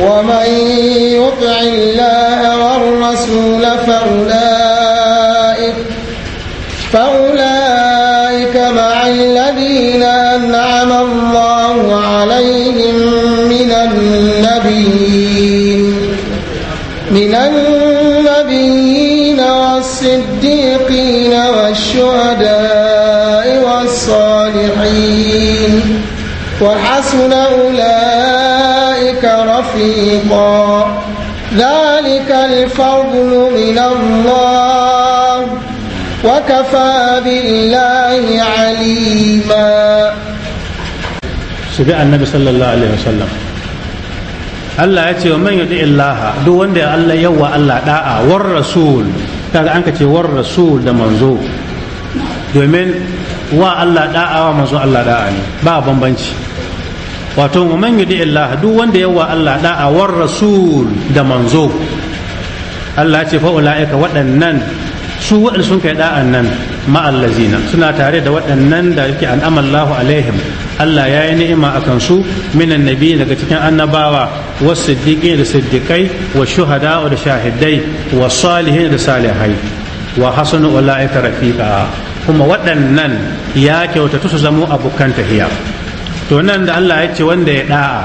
ومن يطع الله والرسول فأولئك فأولئك مع الذين رفيقا ذلك الفضل من الله وكفى بالله عليما shiga annabi sallallahu alaihi wasallam Allah ya ce wa man yudi illaha duk wanda Allah yawa Allah da'a war rasul kaga an ka ce war rasul da manzo domin wa Allah da'a wa manzo Allah da'a ne ba bambanci wato wa man yudi Allah duk wanda yawa Allah da'a war rasul da manzo Allah ce fa ulaika waɗannan su waɗanda sun kai da'an nan ma'allazina suna tare da waɗannan da yake amallahu alaihim Allah ya yi ni'ima a kansu minan nabi daga cikin annabawa wasu siddiƙi da siddiƙai wa shuhada da shahidai wa salihin da salihai wa hasanu ulaika rafiqa kuma waɗannan ya kyautatu su zamo abokan tahiya to nan da Allah ya ce wanda ya da'a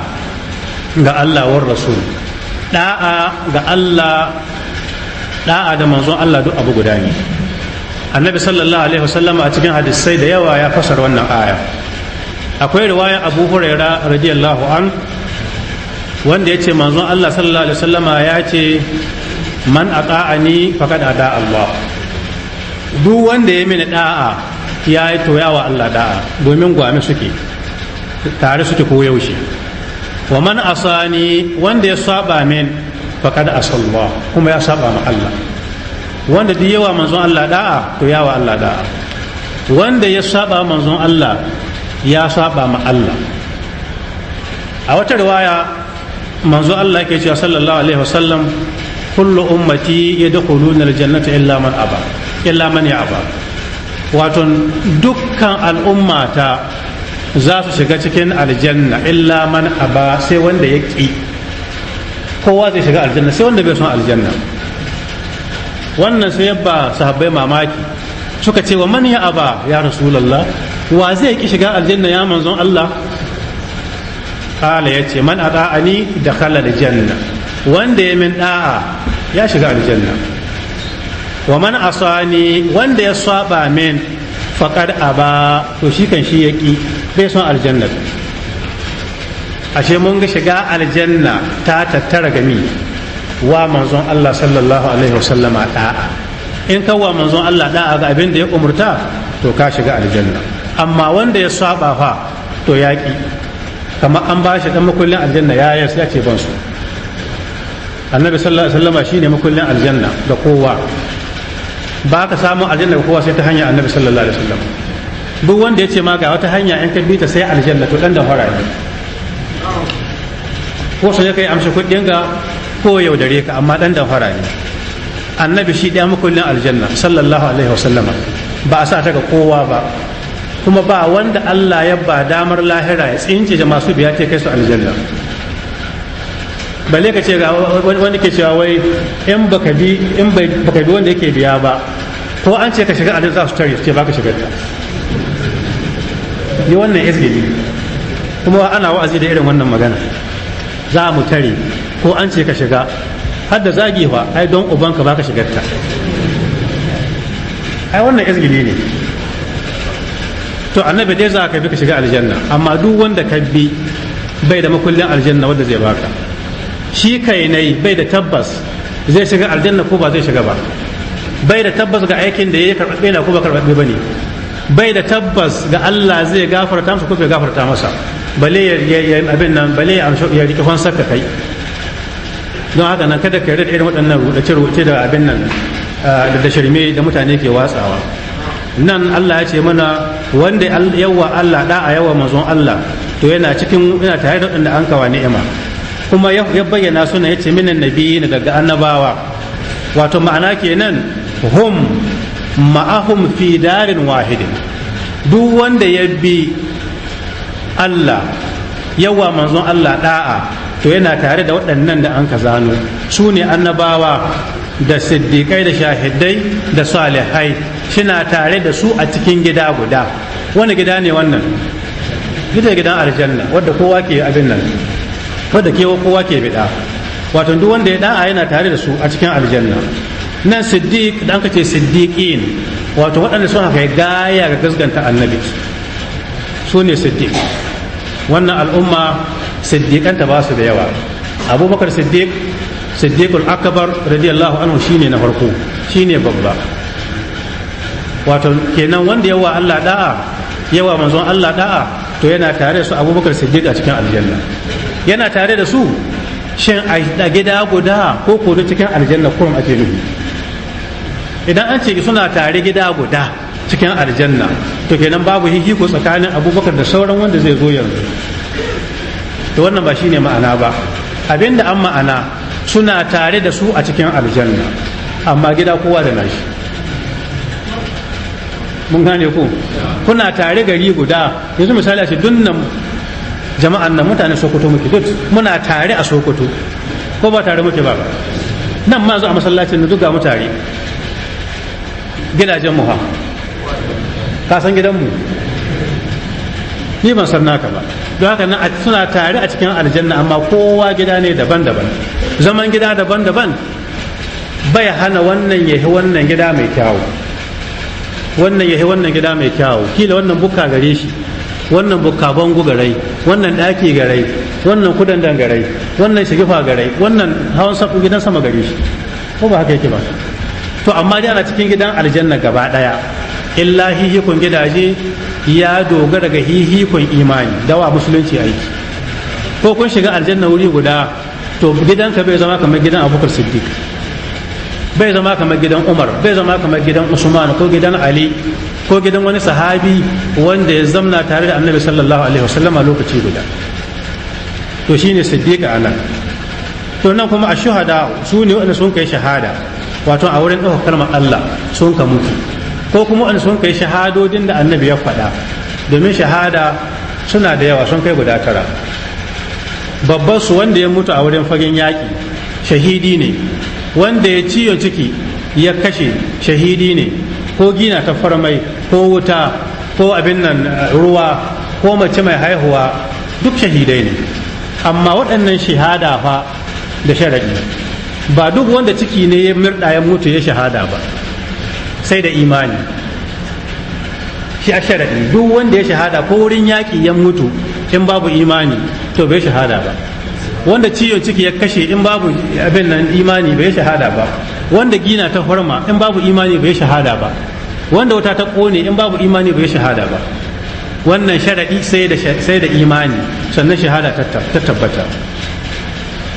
ga Allah war rasul da'a ga Allah da'a da manzon Allah duk abu guda ne annabi sallallahu alaihi wasallam a cikin hadisai da yawa ya fasar wannan aya akwai riwayar abu huraira radiyallahu an wanda ya ce manzon Allah sallallahu alaihi wasallam ya ce man aqa'ani faqad ada Allah duk wanda ya mini da'a ya yi toyawa Allah da'a domin gwame suke tare suke ko yaushe wa man asani wanda ya saba min faqad asallah kuma ya saba ma Allah wanda duk yawa manzon Allah da'a to yawa Allah da'a wanda ya saba manzon Allah ya saba ma Allah a wata riwaya manzon Allah yake cewa sallallahu alaihi wasallam kullu ummati yadkhuluna aljannata illa man aba illa man ya ya'ba wato dukkan al'ummata za su shiga cikin aljanna illa man aba sai wanda ya ƙi kowa zai shiga aljanna sai wanda bai son aljanna wannan sai yabba sahabbai mamaki suka ce wa man ya aba ya rasulallah wa zai ki shiga aljanna ya manzon Allah kala ya ce man ata'ani da kala da janna wanda ya min da'a ya shiga aljanna wa man asani wanda ya saba min faqad aba to shi kan shi ya ƙi. sai son aljanna ashe mun ga shiga aljanna ta tattara gami wa manzon Allah sallallahu alaihi wasallama da in ka wa manzon Allah da ga abin da ya umurta to ka shiga aljanna amma wanda ya saba fa to yaki kamar an ba shi dan makullin aljanna ya sai ce ban su annabi sallallahu alaihi wasallama shine makullin aljanna ga kowa ba ka samu aljanna ga kowa sai ta hanyar annabi sallallahu alaihi wasallam duk wanda ya ce ma ga wata hanya in ka bi ta sai aljanna to dan da fara ne wasu ya kai amshi kuɗin ga ko yau dare ka amma dan da fara ne annabi shi ɗaya makullin aljanna sallallahu alaihi wasallama ba a sa ta ga kowa ba kuma ba wanda Allah ya ba damar lahira ya tsince masu biya ta kai su aljanna balle ka ce ga wanda ke cewa wai in baka bi in baka bi wanda yake biya ba ko an ce ka shiga aljanna za su tare ce baka shiga ta yi wannan izgili kuma ana wa'azi da irin wannan magana za mu tare ko an ce ka shiga har da zagi fa ai don ubanka baka shigarta ai wannan izgili ne to annabi dai za ka bi ka shiga aljanna amma duk wanda ka bi bai da makullin aljanna wanda zai baka shi kai nai bai da tabbas zai shiga aljanna ko ba zai shiga ba bai da tabbas ga aikin da ya karɓe na ko ba karɓe ba ne bai da tabbas ga Allah zai gafarta masa ko bai gafarta masa bale ya abin nan bale ya rike fansar ka kai don haka nan kada ka yarda da irin waɗannan rubuce-rubuce da abin nan da shirme da mutane ke watsawa nan Allah ya ce mana wanda yawa Allah da a yawa manzon Allah to yana cikin yana tare da waɗanda an kawa ni'ima kuma ya bayyana suna ya ce minan nabiyyi daga annabawa wato ma'ana kenan hum ma'ahum fi darin wahidin duk wanda ya bi Allah yawa manzon Allah da'a to yana tare da waɗannan da an ka zano su ne annabawa da siddiƙai da shahidai da salihai suna tare da su a cikin gida guda wani gida ne wannan gida gidan aljanna wadda kowa ke abin nan wadda kewa kowa ke bida wato duk wanda ya da'a yana tare da su a cikin aljanna nan siddiq da an ce siddiqin wato waɗanda suna kai gaya ga gasganta annabi su ne siddiq wannan al'umma siddiqanta ba su da yawa abubakar siddiq siddiqul akbar radiyallahu anhu shine na farko shine babba wato kenan wanda yawa Allah da'a yawa manzon Allah da'a to yana tare da su abubakar siddiq a cikin aljanna yana tare da su shin a gida guda ko ko cikin aljanna kurum ake nufi idan an ce suna tare gida guda cikin aljanna to kenan babu hihiko tsakanin abubakar da sauran wanda zai zo yanzu to wannan ba shine ma'ana ba abinda an ma'ana suna tare da su a cikin aljanna amma gida kowa da nashi mun gane ku kuna tare gari guda yanzu misali a ce dunnan jama'an nan mutane sokoto muke duk muna tare a sokoto ko ba tare muke ba nan ma zo a masallacin duk ga mutare gidajen mu ka san gidanmu ni ban san naka ba don haka nan suna tare a cikin aljanna amma kowa gida ne daban-daban zaman gida daban-daban bai hana wannan yahi wannan gida mai kyawu wannan yahi wannan gida mai kyawu kila wannan buka gare shi wannan bukka bangu garai wannan daki garai wannan dan garai wannan shigifa garai wannan hawan safu gidan sama gare shi ko ba haka yake ba to amma dai ana cikin gidan aljanna gaba daya illa hihikun gidaje ya dogara ga hihikun imani dawa musulunci aiki ko kun shiga aljanna wuri guda to gidanka bai zama kamar gidan abubakar siddiq bai zama kamar gidan umar bai zama kamar gidan usman ko gidan ali ko gidan wani sahabi wanda ya zamna tare da annabi sallallahu alaihi wasallam a lokaci guda to shine siddiq anan to nan kuma ashuhada su ne wanda sun kai shahada wato a wurin ɗaukar kalmar Allah sun ka mutu ko kuma an sun kai shahadodin da annabi ya faɗa domin shahada suna da yawa sun kai guda tara babban su wanda ya mutu a wurin fagen yaki shahidi ne wanda ya ciyo ciki ya kashe shahidi ne ko gina ta farmai ko wuta ko abin nan eh, ruwa ko mace mai haihuwa duk shahidai ne amma waɗannan shahada fa da sharaɗi ba duk wanda ciki ne ya murda ya mutu ya shahada ba sai da imani shi a sharaɗi duk wanda ya shahada ko wurin yaƙi ya mutu in babu imani to bai shahada ba wanda ciwon ciki ya kashe in babu abin nan imani bai shahada ba wanda gina ta horma in babu imani bai shahada ba wanda wata ta kone in babu imani bai shahada ba wannan sharaɗi sai da imani sannan shahada ta tabbata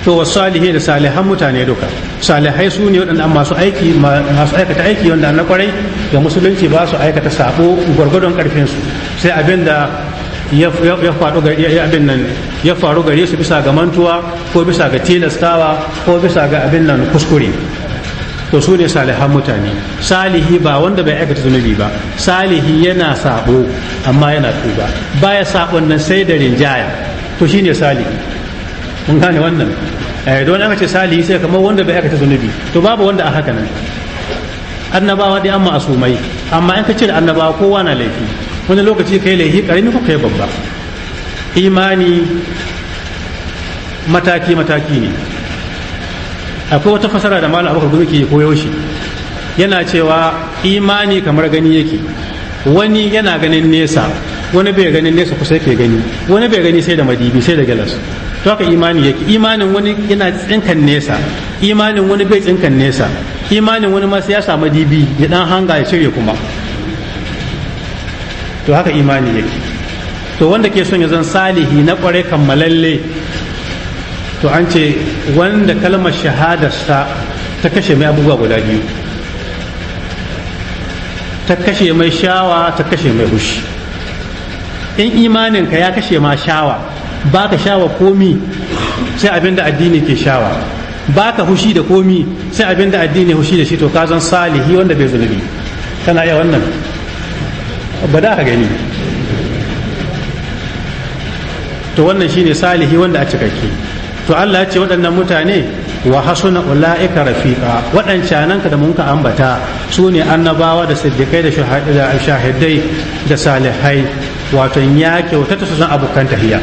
to wa salihi da salihan mutane duka salihai su ne waɗanda masu aiki masu aikata aiki wanda na kwarai ga musulunci ba su aikata sabo gwargwadon karfin su sai abin da ya faru abin nan ya faru gare su bisa ga mantuwa ko bisa ga tilastawa ko bisa ga abin nan kuskure to su ne salihan mutane salihi ba wanda bai aikata zunubi ba salihi yana sabo amma yana tuba baya sabon nan sai da rinjaya to shine salihi kun gane wannan eh, don aka ce sali sai kamar wanda bai aikata zunubi to babu wanda a haka nan annabawa dai amma asumai amma in ka cire annabawa kowa na laifi wani lokaci kai laifi karami ko kai babba imani mataki mataki ne akwai wata fasara da malam abubakar gumi ke koyo shi yana cewa imani kamar gani yake wani yana ganin nesa wani bai ganin nesa kusa yake gani wani bai gani sai da madibi sai da galas to haka imani yake imanin wani yana tsinkan nesa imanin wani bai tsinkan nesa imanin wani ma sai ya samu ya dan hanga ya cire kuma to haka imani yake to wanda ke son ya zan salihi na kware kammalalle to an ce wanda kalmar shahadarsa ta kashe mai abubuwa guda biyu ta kashe mai shawa ta kashe mai hushi in imaninka ya kashe ma shawa ba ka shawa komi sai abin da addini ke shawa ba ka hushi da komi sai abin da addini hushi da shi to ka zan salihi wanda bai zunubi kana iya wannan ba da ka gani to wannan shine salihi wanda a cikakke to Allah ya ce waɗannan mutane wa hasuna ula'ika rafiqa nan ka da mun ka ambata su ne annabawa da siddiqai da shahidai da salihai wato ya kyautata su san abokan tahiya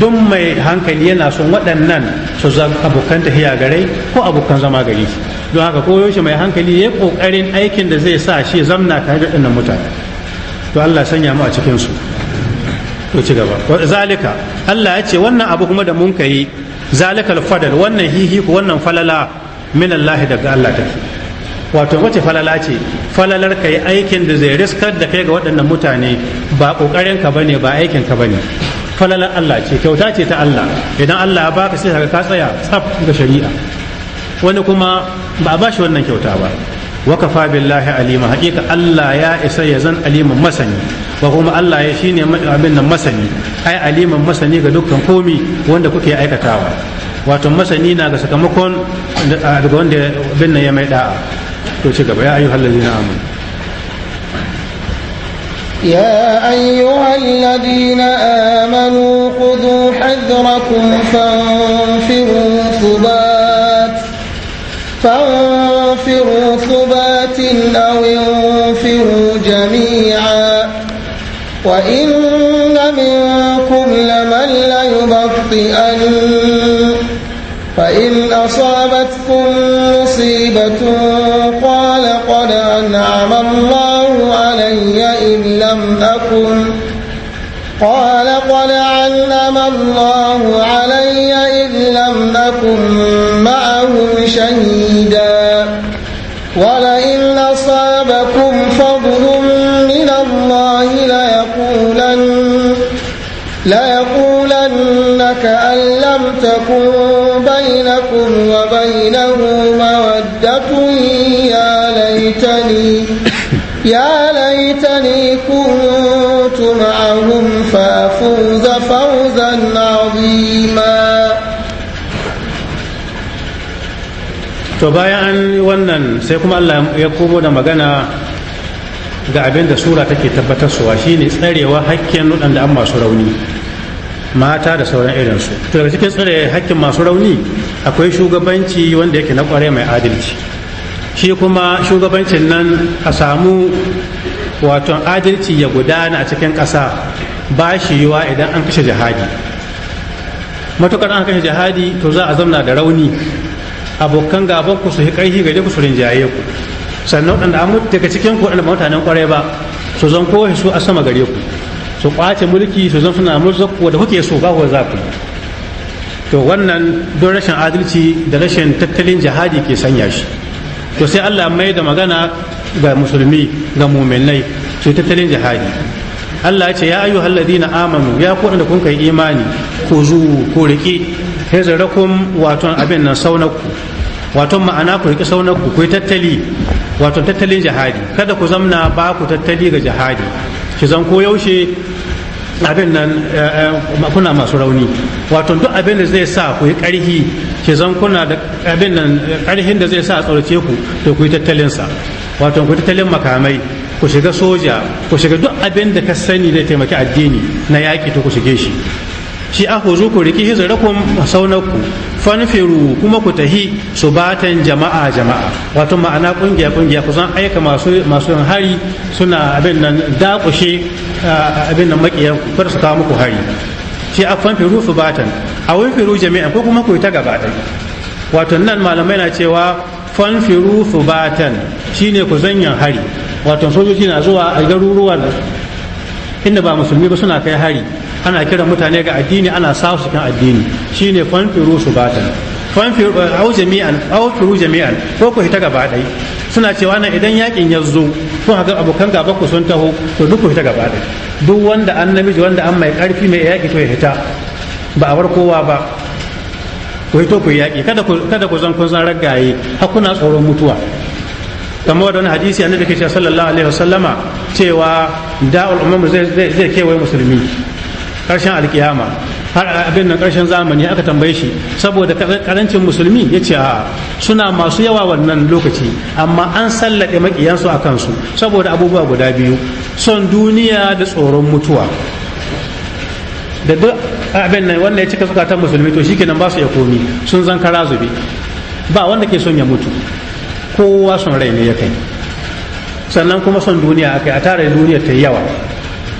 don mai hankali yana son waɗannan su zan abokan tahiya gare ko abokan zama gari don haka koyaushe mai hankali ya ƙoƙarin aikin da zai sa shi zamna tare da ɗannan mutane to Allah sanya mu a cikinsu. su to ci gaba zalika Allah ya ce wannan abu kuma da mun kai zalikal fadal wannan hihi ko wannan falala min Allah daga Allah take wato wace falala ce falalar ka yi aikin da zai riskar da kai ga waɗannan mutane ba ƙoƙarin ka bane ba aikin ka bane falalar Allah ce kyauta ce ta Allah idan Allah ya baka sai ka tsaya tsaf ga shari'a wani kuma ba a bashi wannan kyauta ba wa kafa billahi alima haƙiƙa Allah ya isa ya zan aliman masani wa kuma Allah ya shine abin nan masani ai aliman masani ga dukkan komi wanda kuke aikatawa wato masani na ga sakamakon daga wanda bin ya mai da'a to يا أيها الذين آمنوا يا أيها الذين آمنوا خذوا حذركم فانفروا ثبات فانفروا ثبات أو انفروا جميعا وإن منكم لمن ليبطئن فإن أصابتكم مصيبة قال قد أنعم الله علي إن لم أكن قال قد علم الله علي إن لم أكن معهم شهيدا ولئن أصابكم فضل من الله ليقولن ليقولن كأن لم تكن بينكم وبينه مودة يا ليتني يا ليتني كنت معهم فأفوز فوزا عظيما to bayan an wannan sai kuma Allah ya komo da magana ga abin da sura take tabbatar shi shine tsarewa hakkin waɗanda an masu rauni mata da sauran irinsu to daga cikin tsare hakkin masu rauni akwai shugabanci wanda yake na kware mai adalci shi kuma shugabancin nan a samu waton adalci ya gudana a cikin kasa ba shi yiwa idan an kashe jihadi matukar an kashe jihadi to za a zamna da rauni abokan gaban ku su yi ƙarfi gaje ku su rinjaye ku sannan waɗanda an mutu daga cikin ku waɗanda mutanen kware ba su zan kowa su a sama gare ku su ƙwace mulki su zan suna mulzar da kuke so ba ku za ku to wannan don rashin adalci da rashin tattalin jihadi ke sanya shi to sai Allah mai da magana ga musulmi ga muminai su tattalin jihadi Allah ce ya ayyuhal ladina amanu ya kuɗin da kun kai imani ko zu ku riki hezarakum wato abin nan saunaku wato ma'ana ku riki saunaku ku tattali wato tattalin jihadi kada ku zamna ba ku tattali ga jihadi ki zan ko yaushe abin nan eh, eh, kuna masu rauni wato duk abin da zai sa ku yi ƙarfi ki zan kuna da abin nan ƙarfin da zai sa a tsorace ku to ku yi tattalin sa wato ku tattalin makamai ku shiga soja ku shiga duk abin da ka sani zai taimaki addini na yaƙi to ku shige shi shi zo ku riki hizrakum saunaku fanfiru kuma ku tahi subatan jama'a jama'a wato ma'ana kungiya kungiya ku san aika masu masu hari suna abin nan dakushe abin nan makiya ku kar su kawo muku hari shi a fanfiru subatan a winfiru jami'a ko kuma ku ta gaba ɗaya wato nan malamai na cewa fanfiru subatan shine ku zanyan hari wato sojoji na zuwa a garuruwan inda ba musulmi ba suna kai hari ana kiran mutane ga addini ana sa su kan addini shine fanfiru su bata fanfiru eh, au jami'an au firu jami'an ko ku hita gaba dai suna cewa nan idan yakin ya zo kun haka abokan gaba ku sun taho to duk ku hita gaba dai duk wanda an namiji wanda an mai karfi mai yaki to ya hita ba a bar kowa ba ku hito ku yaki kada ku kada ku zan kun san ragaye hakuna tsoron mutuwa kamar da hadisi annabi ke cewa sallallahu alaihi wasallama cewa da'ul umam zai zai kewaye musulmi karshen alkiyama har abin nan karshen zamani aka tambaye shi saboda karancin musulmi ya ce a suna masu yawa wannan lokaci amma an sallade makiyansu a kansu saboda abubuwa guda biyu son duniya da tsoron mutuwa da duk abin nan wanda ya cika zukatan musulmi to shikenan ba su ya komi sun zan kara zube ba wanda ke son ya mutu kowa son rai ne ya kai sannan kuma son duniya akai a tare duniya ta yawa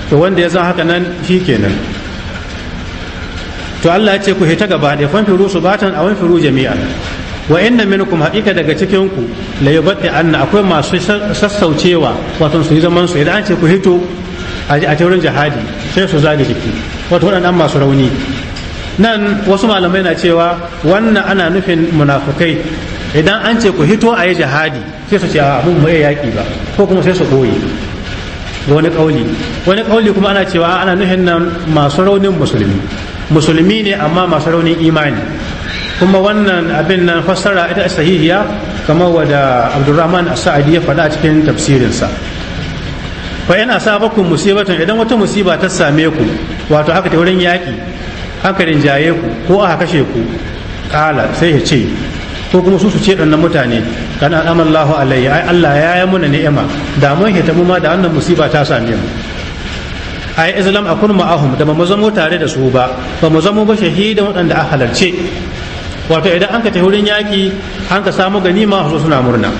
to wanda ya san haka nan shi kenan to Allah ya ce ku hita gaba da fanfi su batan a wani wanfiru jami'a wa inna minkum haqiqa daga cikin ku la yubatti anna akwai masu sassaucewa wato su yi zaman su idan an ce ku hito a taurin jihadi sai su zage jiki wato waɗannan masu rauni nan wasu malamai na cewa wannan ana nufin munafukai idan an ce ku hito a yi jihadi sai su ce a mun mai yaƙi ba ko kuma sai su ɓoye ga wani kauli wani kauli kuma ana cewa ana nuhin nan masu raunin musulmi musulmi ne amma masu raunin imani kuma wannan abin nan fassara ita sahihiya kamar wada abdurrahman a saadi ya faɗa cikin tafsirinsa fa yana sabakum musibatan idan wata musiba ta same ku wato haka ta wurin yaƙi haka rinjaye ku ko aka kashe ku kala sai ya ce ko kuma su su ce ɗannan mutane kana amal Allahu alayhi ai Allah ya yi muna ni'ima da mun hita mu ma da wannan musiba ta same mu ai islam akun ma'ahum da mu zamo tare da su ba ba mu zamo ba shahida waɗanda a halarce wato idan an ka tafi wurin yaki an ka samu ganima su suna murna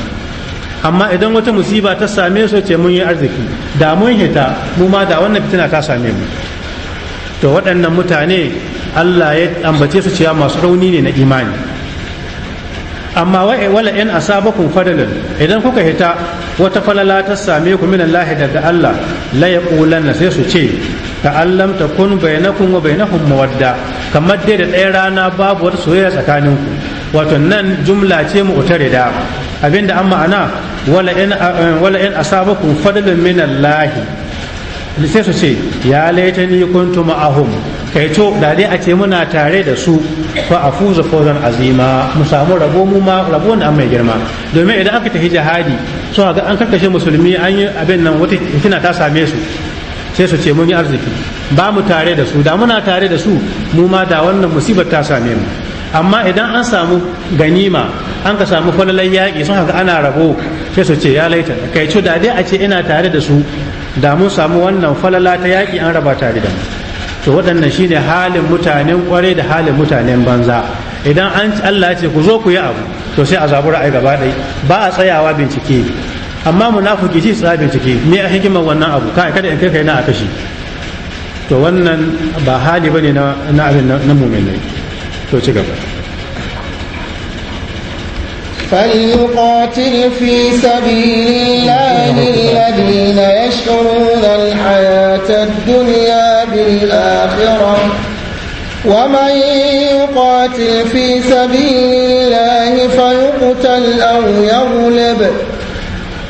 amma idan wata musiba ta same su ce mun yi arziki da mun hita mu ma da wannan fitina ta same mu to waɗannan mutane Allah ya ambace su cewa masu rauni ne na imani amma wala in asabakum fadlan idan kuka hita wata falala ta same ku min Allah daga Allah la yaqulanna sai su ce ta'allam takun bainakum wa bainahum mawadda kamar dai da ɗaya rana babu wata soyayya tsakanin ku wato nan jumla ce mu da, abinda an ma'ana wala in eh, wala in asabakum fadlan min Allah sai su ce ya ni kuntu ma'ahum kai to da dai a ce muna tare da su fa afuzu fawzan azima mu samu rabo mu ma rabo wanda an mai girma domin idan aka tafi jihadi so ga an karkashe musulmi an yi abin nan wata fitina ta same su sai su ce mun yi arziki ba mu tare da su da muna tare da su mu ma da wannan musibar ta same mu amma idan an samu ganima an ka samu falalan yaƙi sun haka ana rabo sai su ce ya laita kai ci da dai a ce ina tare da su da mun samu wannan falala ta yaƙi an raba tare da mu to waɗannan shine halin mutanen kwarai da halin mutanen banza idan an Allah ce ku zo ku yi abu to sai a zabura ai gaba ɗai ba a tsayawa bincike amma munafiki shi tsaya bincike me a hikimar wannan abu kai kada in kai kai na a kashi to wannan ba hali bane na na abin na mu'minai to فليقاتل في سبيل الله الذين يشعرون الحياة الدنيا بالآخرة ومن يقاتل في سبيل الله فيقتل أو يغلب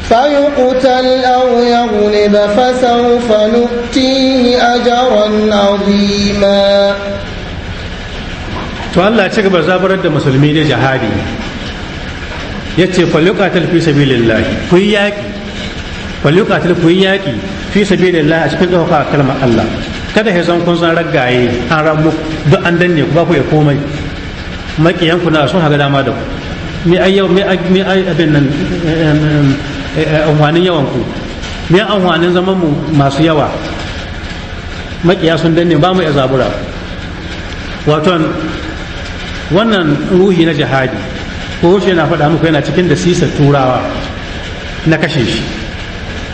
فيقتل أو يغلب فسوف نؤتيه أجرا عظيما to Allah ci gaba zabarar da musulmi da jihadi ya ce falyuqatil fi sabilillahi ku yi yaƙi falyuqatil ku yi yaƙi fi sabilillahi a cikin ɗaukar kalmar Allah kada ya zan kun san raggaye an ramu duk an danne ku ba ku ya komai makiyan ku na sun haga dama da ku me ai yau me abin nan eh, amfanin yawan ku me amfanin zaman mu masu yawa makiya sun danne ba mu ya zabura wato wannan ruhi na jihadi ko shi yana faɗa muku yana cikin da sisa turawa na kashe shi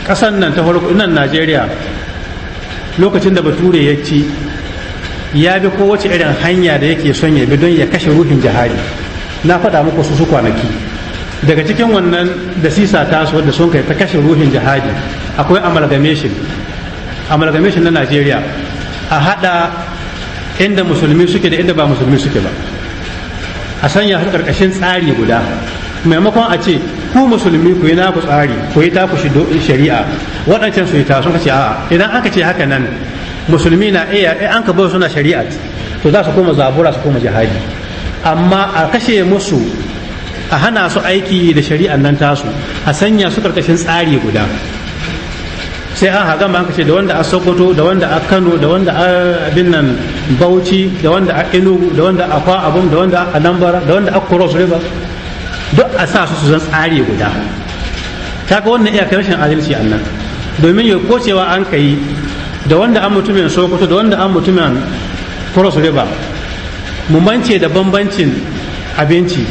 ƙasan nan ta farko nan najeriya lokacin da bature ya ci ya bi kowace irin hanya da yake son ya bi don ya kashe ruhin jihadi na faɗa muku su su kwanaki daga cikin wannan da sisa tasu wadda sun kai ta kashe ruhin jihadi akwai amalgamation amalgamation na najeriya a hada inda musulmi suke da inda ba musulmi suke ba a sanya su ƙarƙashin tsari guda maimakon a ce ku musulmi ku yi naku tsari ku yi taku shari'a waɗancan su yi ta sun ce a'a idan aka ce haka nan musulmi na iya an ka bai suna shari'a to za su koma zabura su koma jihadi amma a kashe musu a hana su aiki da shari'a nan tasu a sanya su karkashin tsari guda sai an haga ma an kashe da wanda a sokoto da wanda a kano da wanda a abin nan bauchi da wanda a inugu da wanda a kwa abun da wanda a nambara da wanda a cross river duk a sa su su zan tsari guda ta ga wannan iyakar rashin adalci a nan domin ya kocewa an kai da wanda an mutumin sokoto da wanda an mutumin cross river mu mance da bambancin abinci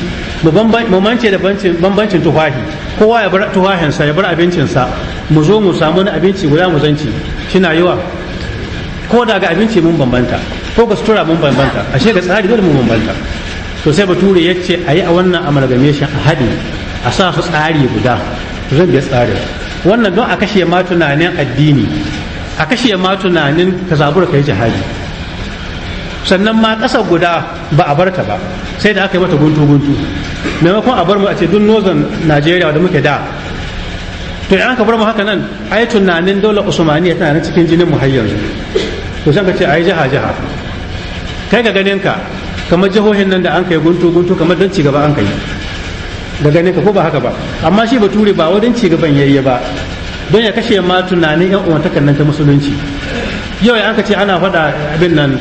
mu mance da bambancin tufafi kowa ya bar tufahinsa ya bar abincinsa mu zo mu samu wani abinci guda mu zanci kina yiwa ko daga abinci mun bambanta ko ba su tura mun bambanta ashe ga tsari dole mun bambanta to sai bature ya ce a yi a wannan amalgamation a haɗi a sa su tsari guda to zan biya tsarin wannan don a kashe ma tunanin addini a kashe ma tunanin ka zabura ka yi jihadi sannan ma ƙasa guda ba a barta ba sai da aka yi mata guntu guntu maimakon a bar mu a ce duk nozan najeriya da muke da to in ka bar mu haka nan ai tunanin dole usmaniya tana cikin jinin mu har yanzu to sai ka ce ai jiha jiha kai ga ganin ka kamar jihohin nan da an kai guntu guntu kamar don cigaba an kai ga ganin ka ko ba haka ba amma shi bature ba wajen cigaban gaban yayye ba don ya kashe ma tunanin yan uwantakan nan ta musulunci yau an ka ce ana faɗa abin nan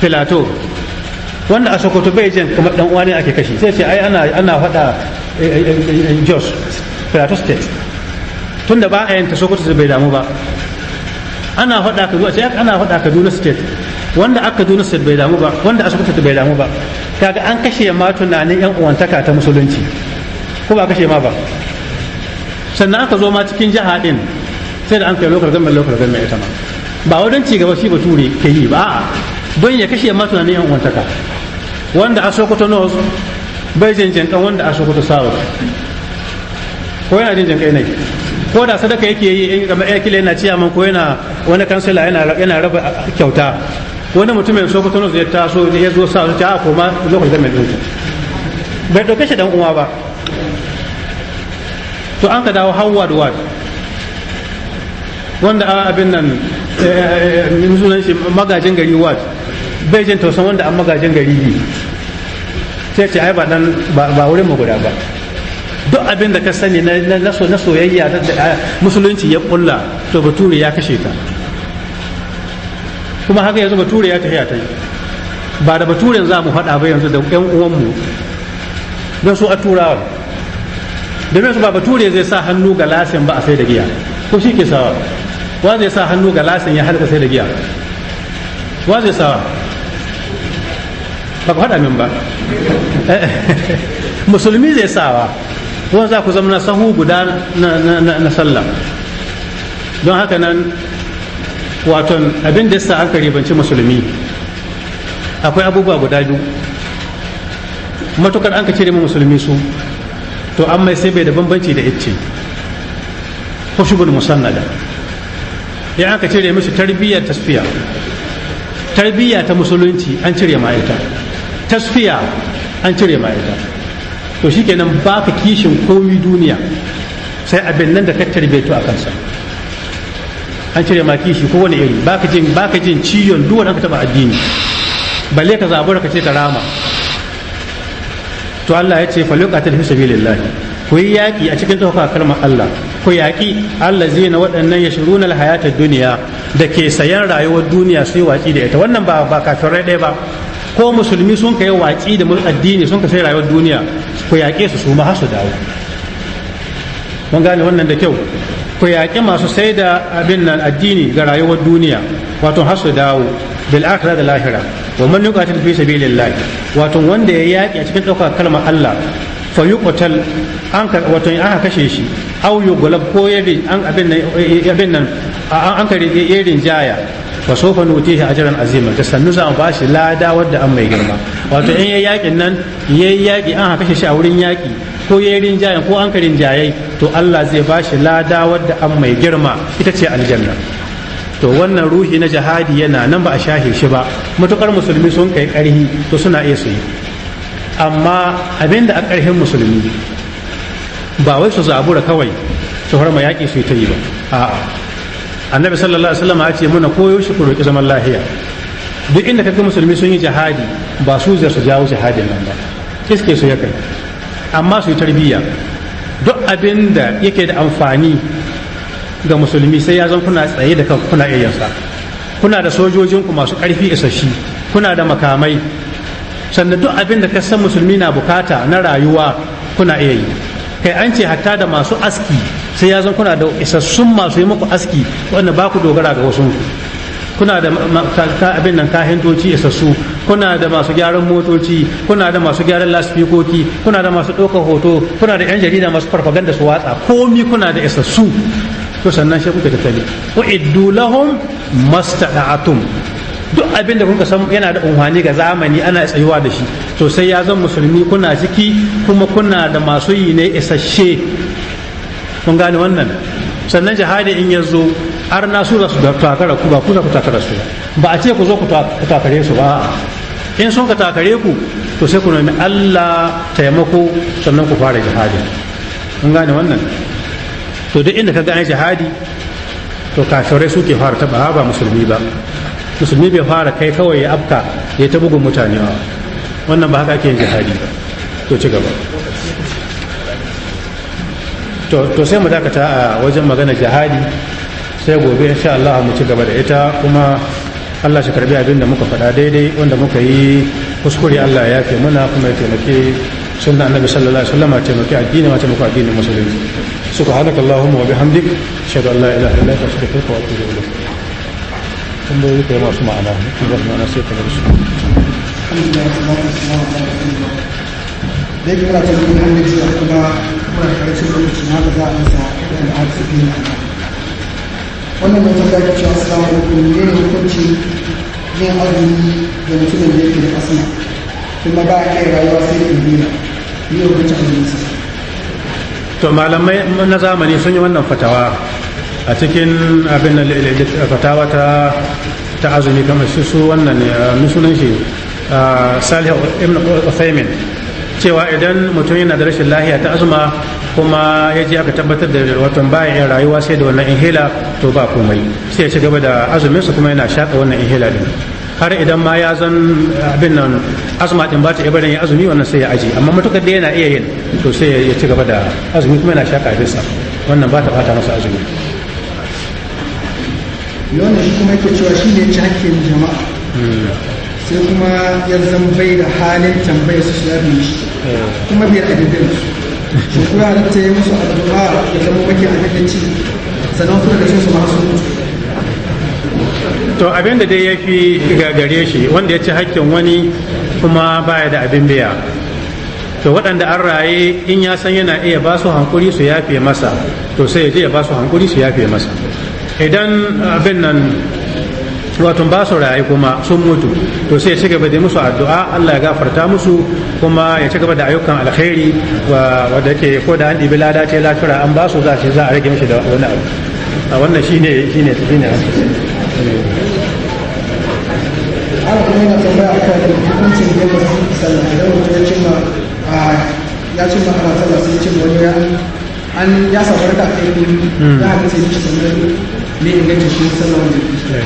filato wanda a sokoto bai jin kamar dan uwa ne ake kashi sai ce ai ana ana faɗa eh, eh, eh, jos filato state tunda ba a yanta sokoto bai damu ba ana faɗa ka zuwa ana faɗa kaduna state wanda aka Kaduna bai damu ba wanda a bai damu ba kaga an kashe ma tunanin yan uwantaka ta musulunci ko ba kashe ma ba sannan aka zo ma cikin jiha din sai da an kai lokar gamin lokar mai ita ma ba wajen ci gaba shi bature ke yi ba don ya kashe ma tunanin yan uwantaka wanda a Sokoto nos bai jinjin kan wanda a Sokoto sawo ko yana jinjin kai ne ko da sadaka yake yi in kamar ya kila yana ciyaman ko yana wani kansila yana raba kyauta wani mutumin sokoto na ya taso ya zo sa ta a koma lokacin da mai dunta bai dauke shi dan uwa ba to an ka dawo howard ward wanda a abin nan eh, eh, eh, sunan shi magajin gari ward bai jin tausan wanda an magajin gari bi sai ce ai ba dan ba wurin mu guda ba duk abin da ka sani na soyayya musulunci ya kulla to bature ya kashe ta kuma haka yanzu bature ya tafiya ta yi ba da bature za mu faɗa ba yanzu da ƴan uwanmu don su a turawa domin su ba bature zai sa hannu ga lasin ba a sai da giya ko shi ke sawa wa zai sa hannu ga lasin ya halka sai da giya wa zai sawa ba ku haɗa min ba musulmi zai sawa wanda za ku zama na sahu guda na sallah don haka nan waton abin da yasa an ribanci musulmi akwai abubuwa guda biyu matukar an ka cire mu musulmi su to an mai sai bai da bambanci da icce hushubul musannada ya an ka cire mishi tarbiyyar tasfiya tarbiyya ta musulunci an cire ma'aita tasfiya an cire ma'aita to shikenan baka kishin komi duniya sai abin nan da ka tarbiyyatu a kansa an cire maki shi ko wani iri baka jin baka jin ciyon duk wanda ka taba addini balle ka zabura ka ce ka rama to Allah ya ce faluqatil fi sabilillah ku yi yaki a cikin ɗaukar kalmar Allah ku yaki Allah zai na waɗannan ya shiru na hayatar duniya da ke sayan rayuwar duniya su yi da ita wannan ba ba kafirai ɗaya ba ko musulmi sun kai yi da mun addini sun ka sai rayuwar duniya ku yaƙe su su ma har dawo mun gane wannan da kyau ku yaƙi masu sai da abin nan addini ga rayuwar duniya wato har su dawo bil akhira da lahira wa man yuqatil fi sabilillah wato wanda ya yaƙi a cikin ɗaukar kalmar Allah fa yuqtal an ka wato an kashe shi aw yughlab ko ya an abin nan abin nan an ka irin jaya fa sofa nutihi ajran azima da sannu za mu bashi lada wadda an mai girma wato in ya yaƙin nan yayi yaƙi an kashe shi a wurin yaƙi ko yayi jaya ko an ka rinjayai to Allah zai ba shi lada wadda an mai girma ita ce aljanna to wannan ruhi na jihadi yana nan ba a shahe shi ba matukar musulmi sun kai karhi to suna iya su yi amma abin da a karhin musulmi ba wai su zabura kawai su harma yaƙi su yi ta yi ba a'a annabi sallallahu alaihi wasallam a ce muna koyo shi ku roƙi zaman lahiya duk inda kaga musulmi sun yi jihadi ba su zai su jawo jihadin nan ba iske su ya kai amma su yi tarbiyya duk abin da yake da amfani ga musulmi sai ya zan kuna tsaye da kanku kuna iya yansa kuna da sojojinku masu karfi isasshi kuna da makamai sannan duk abin da ka san musulmi na bukata na rayuwa kuna iya yi kai an ce hatta da masu aski sai ya zan kuna da isassun masu yi muku aski wanda ba ku dogara ga wasu kuna da abin nan kahintoci isassu kuna da masu gyaran motoci kuna da masu gyaran lasfikoki kuna da masu ɗaukar hoto kuna da 'yan jarida masu farfaganda su watsa komi kuna da isassu to sannan shi kuka tattali wa iddu lahum duk abin da kuka san yana da unhani ga zamani ana tsayuwa da shi to sai ya zan musulmi kuna ciki kuma kuna da masu yi ne isasshe kun gane wannan sannan jihadi in ya zo har na su za su takara ku ba ku za ku takara su ba a ce ku zo ku takare su ba in sun ka takare ku to sai ku nemi Allah taimako sannan ku fara jihadi kun gane wannan to duk inda ka gane jihadi to kafirai suke fara taba ba musulmi ba musulmi bai fara kai kawai ya afka ya ta bugun mutane ba wannan ba haka ake yin jihadi ba to ci gaba to sai mu dakata a wajen magana jihadi sai gobe insha Allah mu ci gaba da ita kuma Allah shi karbi abin da muka faɗa daidai wanda muka yi kuskure Allah ya yafe muna kuma ya taimake sunna annabi sallallahu alaihi wasallam taimake addini ma taimake addinin musulunci subhanaka allahumma wa bihamdik ashhadu an la ilaha illa wa atubu ilayk tambayoyi kai masu ma'ana mutum ka su da yake muna cikin kuma na za a da ake na wannan mai ta ke cewa samun hukumi ne ne hukunci yin azumi da mutumin da yake da asma kuma ba a kai rayuwa sai da ibira ne hukunci azumin su to malamai na zamani sun yi wannan fatawa a cikin abin eh, eh, fatawa ta ta azumi kamar su wannan ne eh, sunan shi ah, salih ibn uthaymin cewa idan mutum yana da rashin lahiya ta azuma kuma ya je aka tabbatar da watan baya yin rayuwa sai da wannan inhela to ba komai sai ya ci gaba da azumin su kuma yana shaƙa wannan inhela din har idan ma ya zan abin nan azuma din ba ta iya barin ya azumi wannan sai ya aje amma matukar da yana iya yin to sai ya ci gaba da azumi kuma yana shaƙa abinsa wannan ba ta bata masa azumi wannan shi kuma yake cewa shi ne cakin jama'a hmm. sai kuma ya zambai da halin tambayar su shafin shi kuma bai adadin su kuma halatta ya musu addu'a ya zama maki adadinci sannan kuma da su masu to abin da dai ya fi gare shi wanda ya ci hakkin wani kuma baya da abin biya to waɗanda an raye in ya san yana iya ba su hankuri su yafe masa to sai ya je ya ba su hankuri su yafe masa idan abin nan wato ba su rayu kuma sun mutu to sai ya ci gaba da musu addu'a Allah ya gafarta musu kuma ya ci gaba da ayyukan alkhairi wanda ke ko da an ɗibi lada ce lafira an ba su za a rage mishi da wani abu a wannan shi ne shine ana kuma yana ya cimma ya cimma ana sallah wani ya an ya samu da hmm. a kai ya haɗu sai mishi ne ingancin shi sallah wanda ya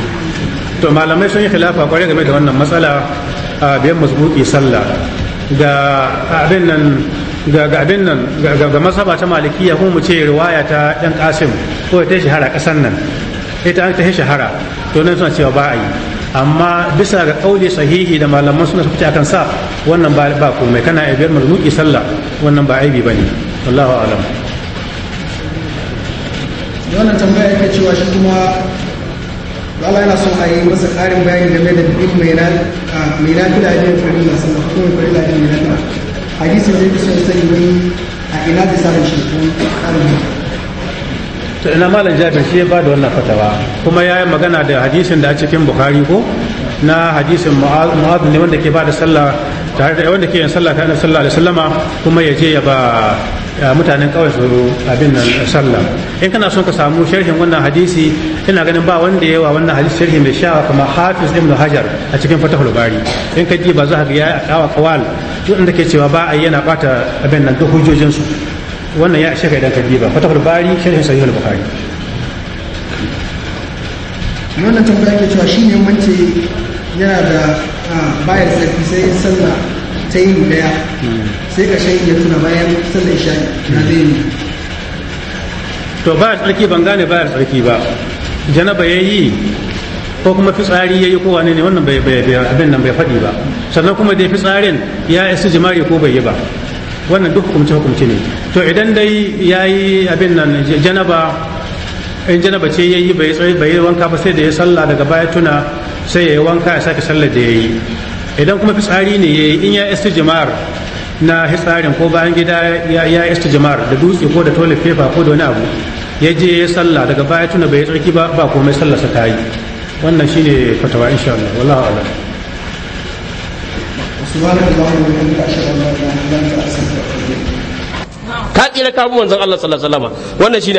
to malamai sun yi khilafa kwarai game da wannan matsala a biyan musbuki sallah ga abin nan ga abin nan ga masaba ta malikiya kuma mu ce riwaya ta dan kasim ko ta shahara kasan nan ita an ta shahara to nan suna cewa ba a yi amma bisa ga kauli sahihi da malaman suna suka akan sa wannan ba ba komai kana biyar mazmuki sallah wannan ba aibi bane wallahu alam wannan tambaya yake cewa shi kuma Allah yana son a yi masa ƙarin bayani game da duk mai na fila ajiyar na sannan kuma mai farilla ajiyar mai na fila hadisin zai fi son sani wani a ina zai samun shi ko ƙarin to ina malam jabir shi ya ba da wannan fatawa kuma ya yi magana da hadisin da a cikin bukari ko na hadisin mu'adh ne wanda ke ba da sallah tare da wanda ke yin sallah tare da sallah da sallama kuma ya je ya ba mutanen kawai su abin nan sallah in kana son ka samu sharhin wannan hadisi ina ganin ba wanda yawa wannan hadisi sharhi mai shawa kuma hafiz ibn hajar a cikin fatahul bari in ka ji ba za ka ga ya kawa kawal inda ke cewa ba a yana bata abin nan duk hujojin su wannan ya shaka idan ka ji ba fatahul bari sharhin sahihul bukhari wannan tambaya ke cewa shine mun ce yana da ah, bayar sai sai sallah ta yi daya sai ka shayi ya tuna bayan sallar isha'i na zai yi to ba tsarki ban gane ba tsarki ba janaba ya yi ko kuma fitsari ya yi ko wane ne wannan bai abin nan bai faɗi ba sannan kuma dai fitsarin ya isa jimari ko bai yi ba wannan duk hukumce hukumce ne to idan dai ya yi abin nan janaba in janaba ce ya yi bai yi wanka ba sai da ya sallah daga baya tuna sai ya yi wanka ya sake sallar da ya yi idan kuma fitsari ne ya eh, in ya jama'ar na hitsarin ko bayan gida ya jama'ar da dutse ko da toilet paper ko da wani abu ya je ya sallah daga baya tuna bai tsarki ba ba komai sallah sa ta yi wannan ne fatawa insha Allah wallahu a'lam ka kira kabu manzon Allah sallallahu alaihi wasallam wannan shine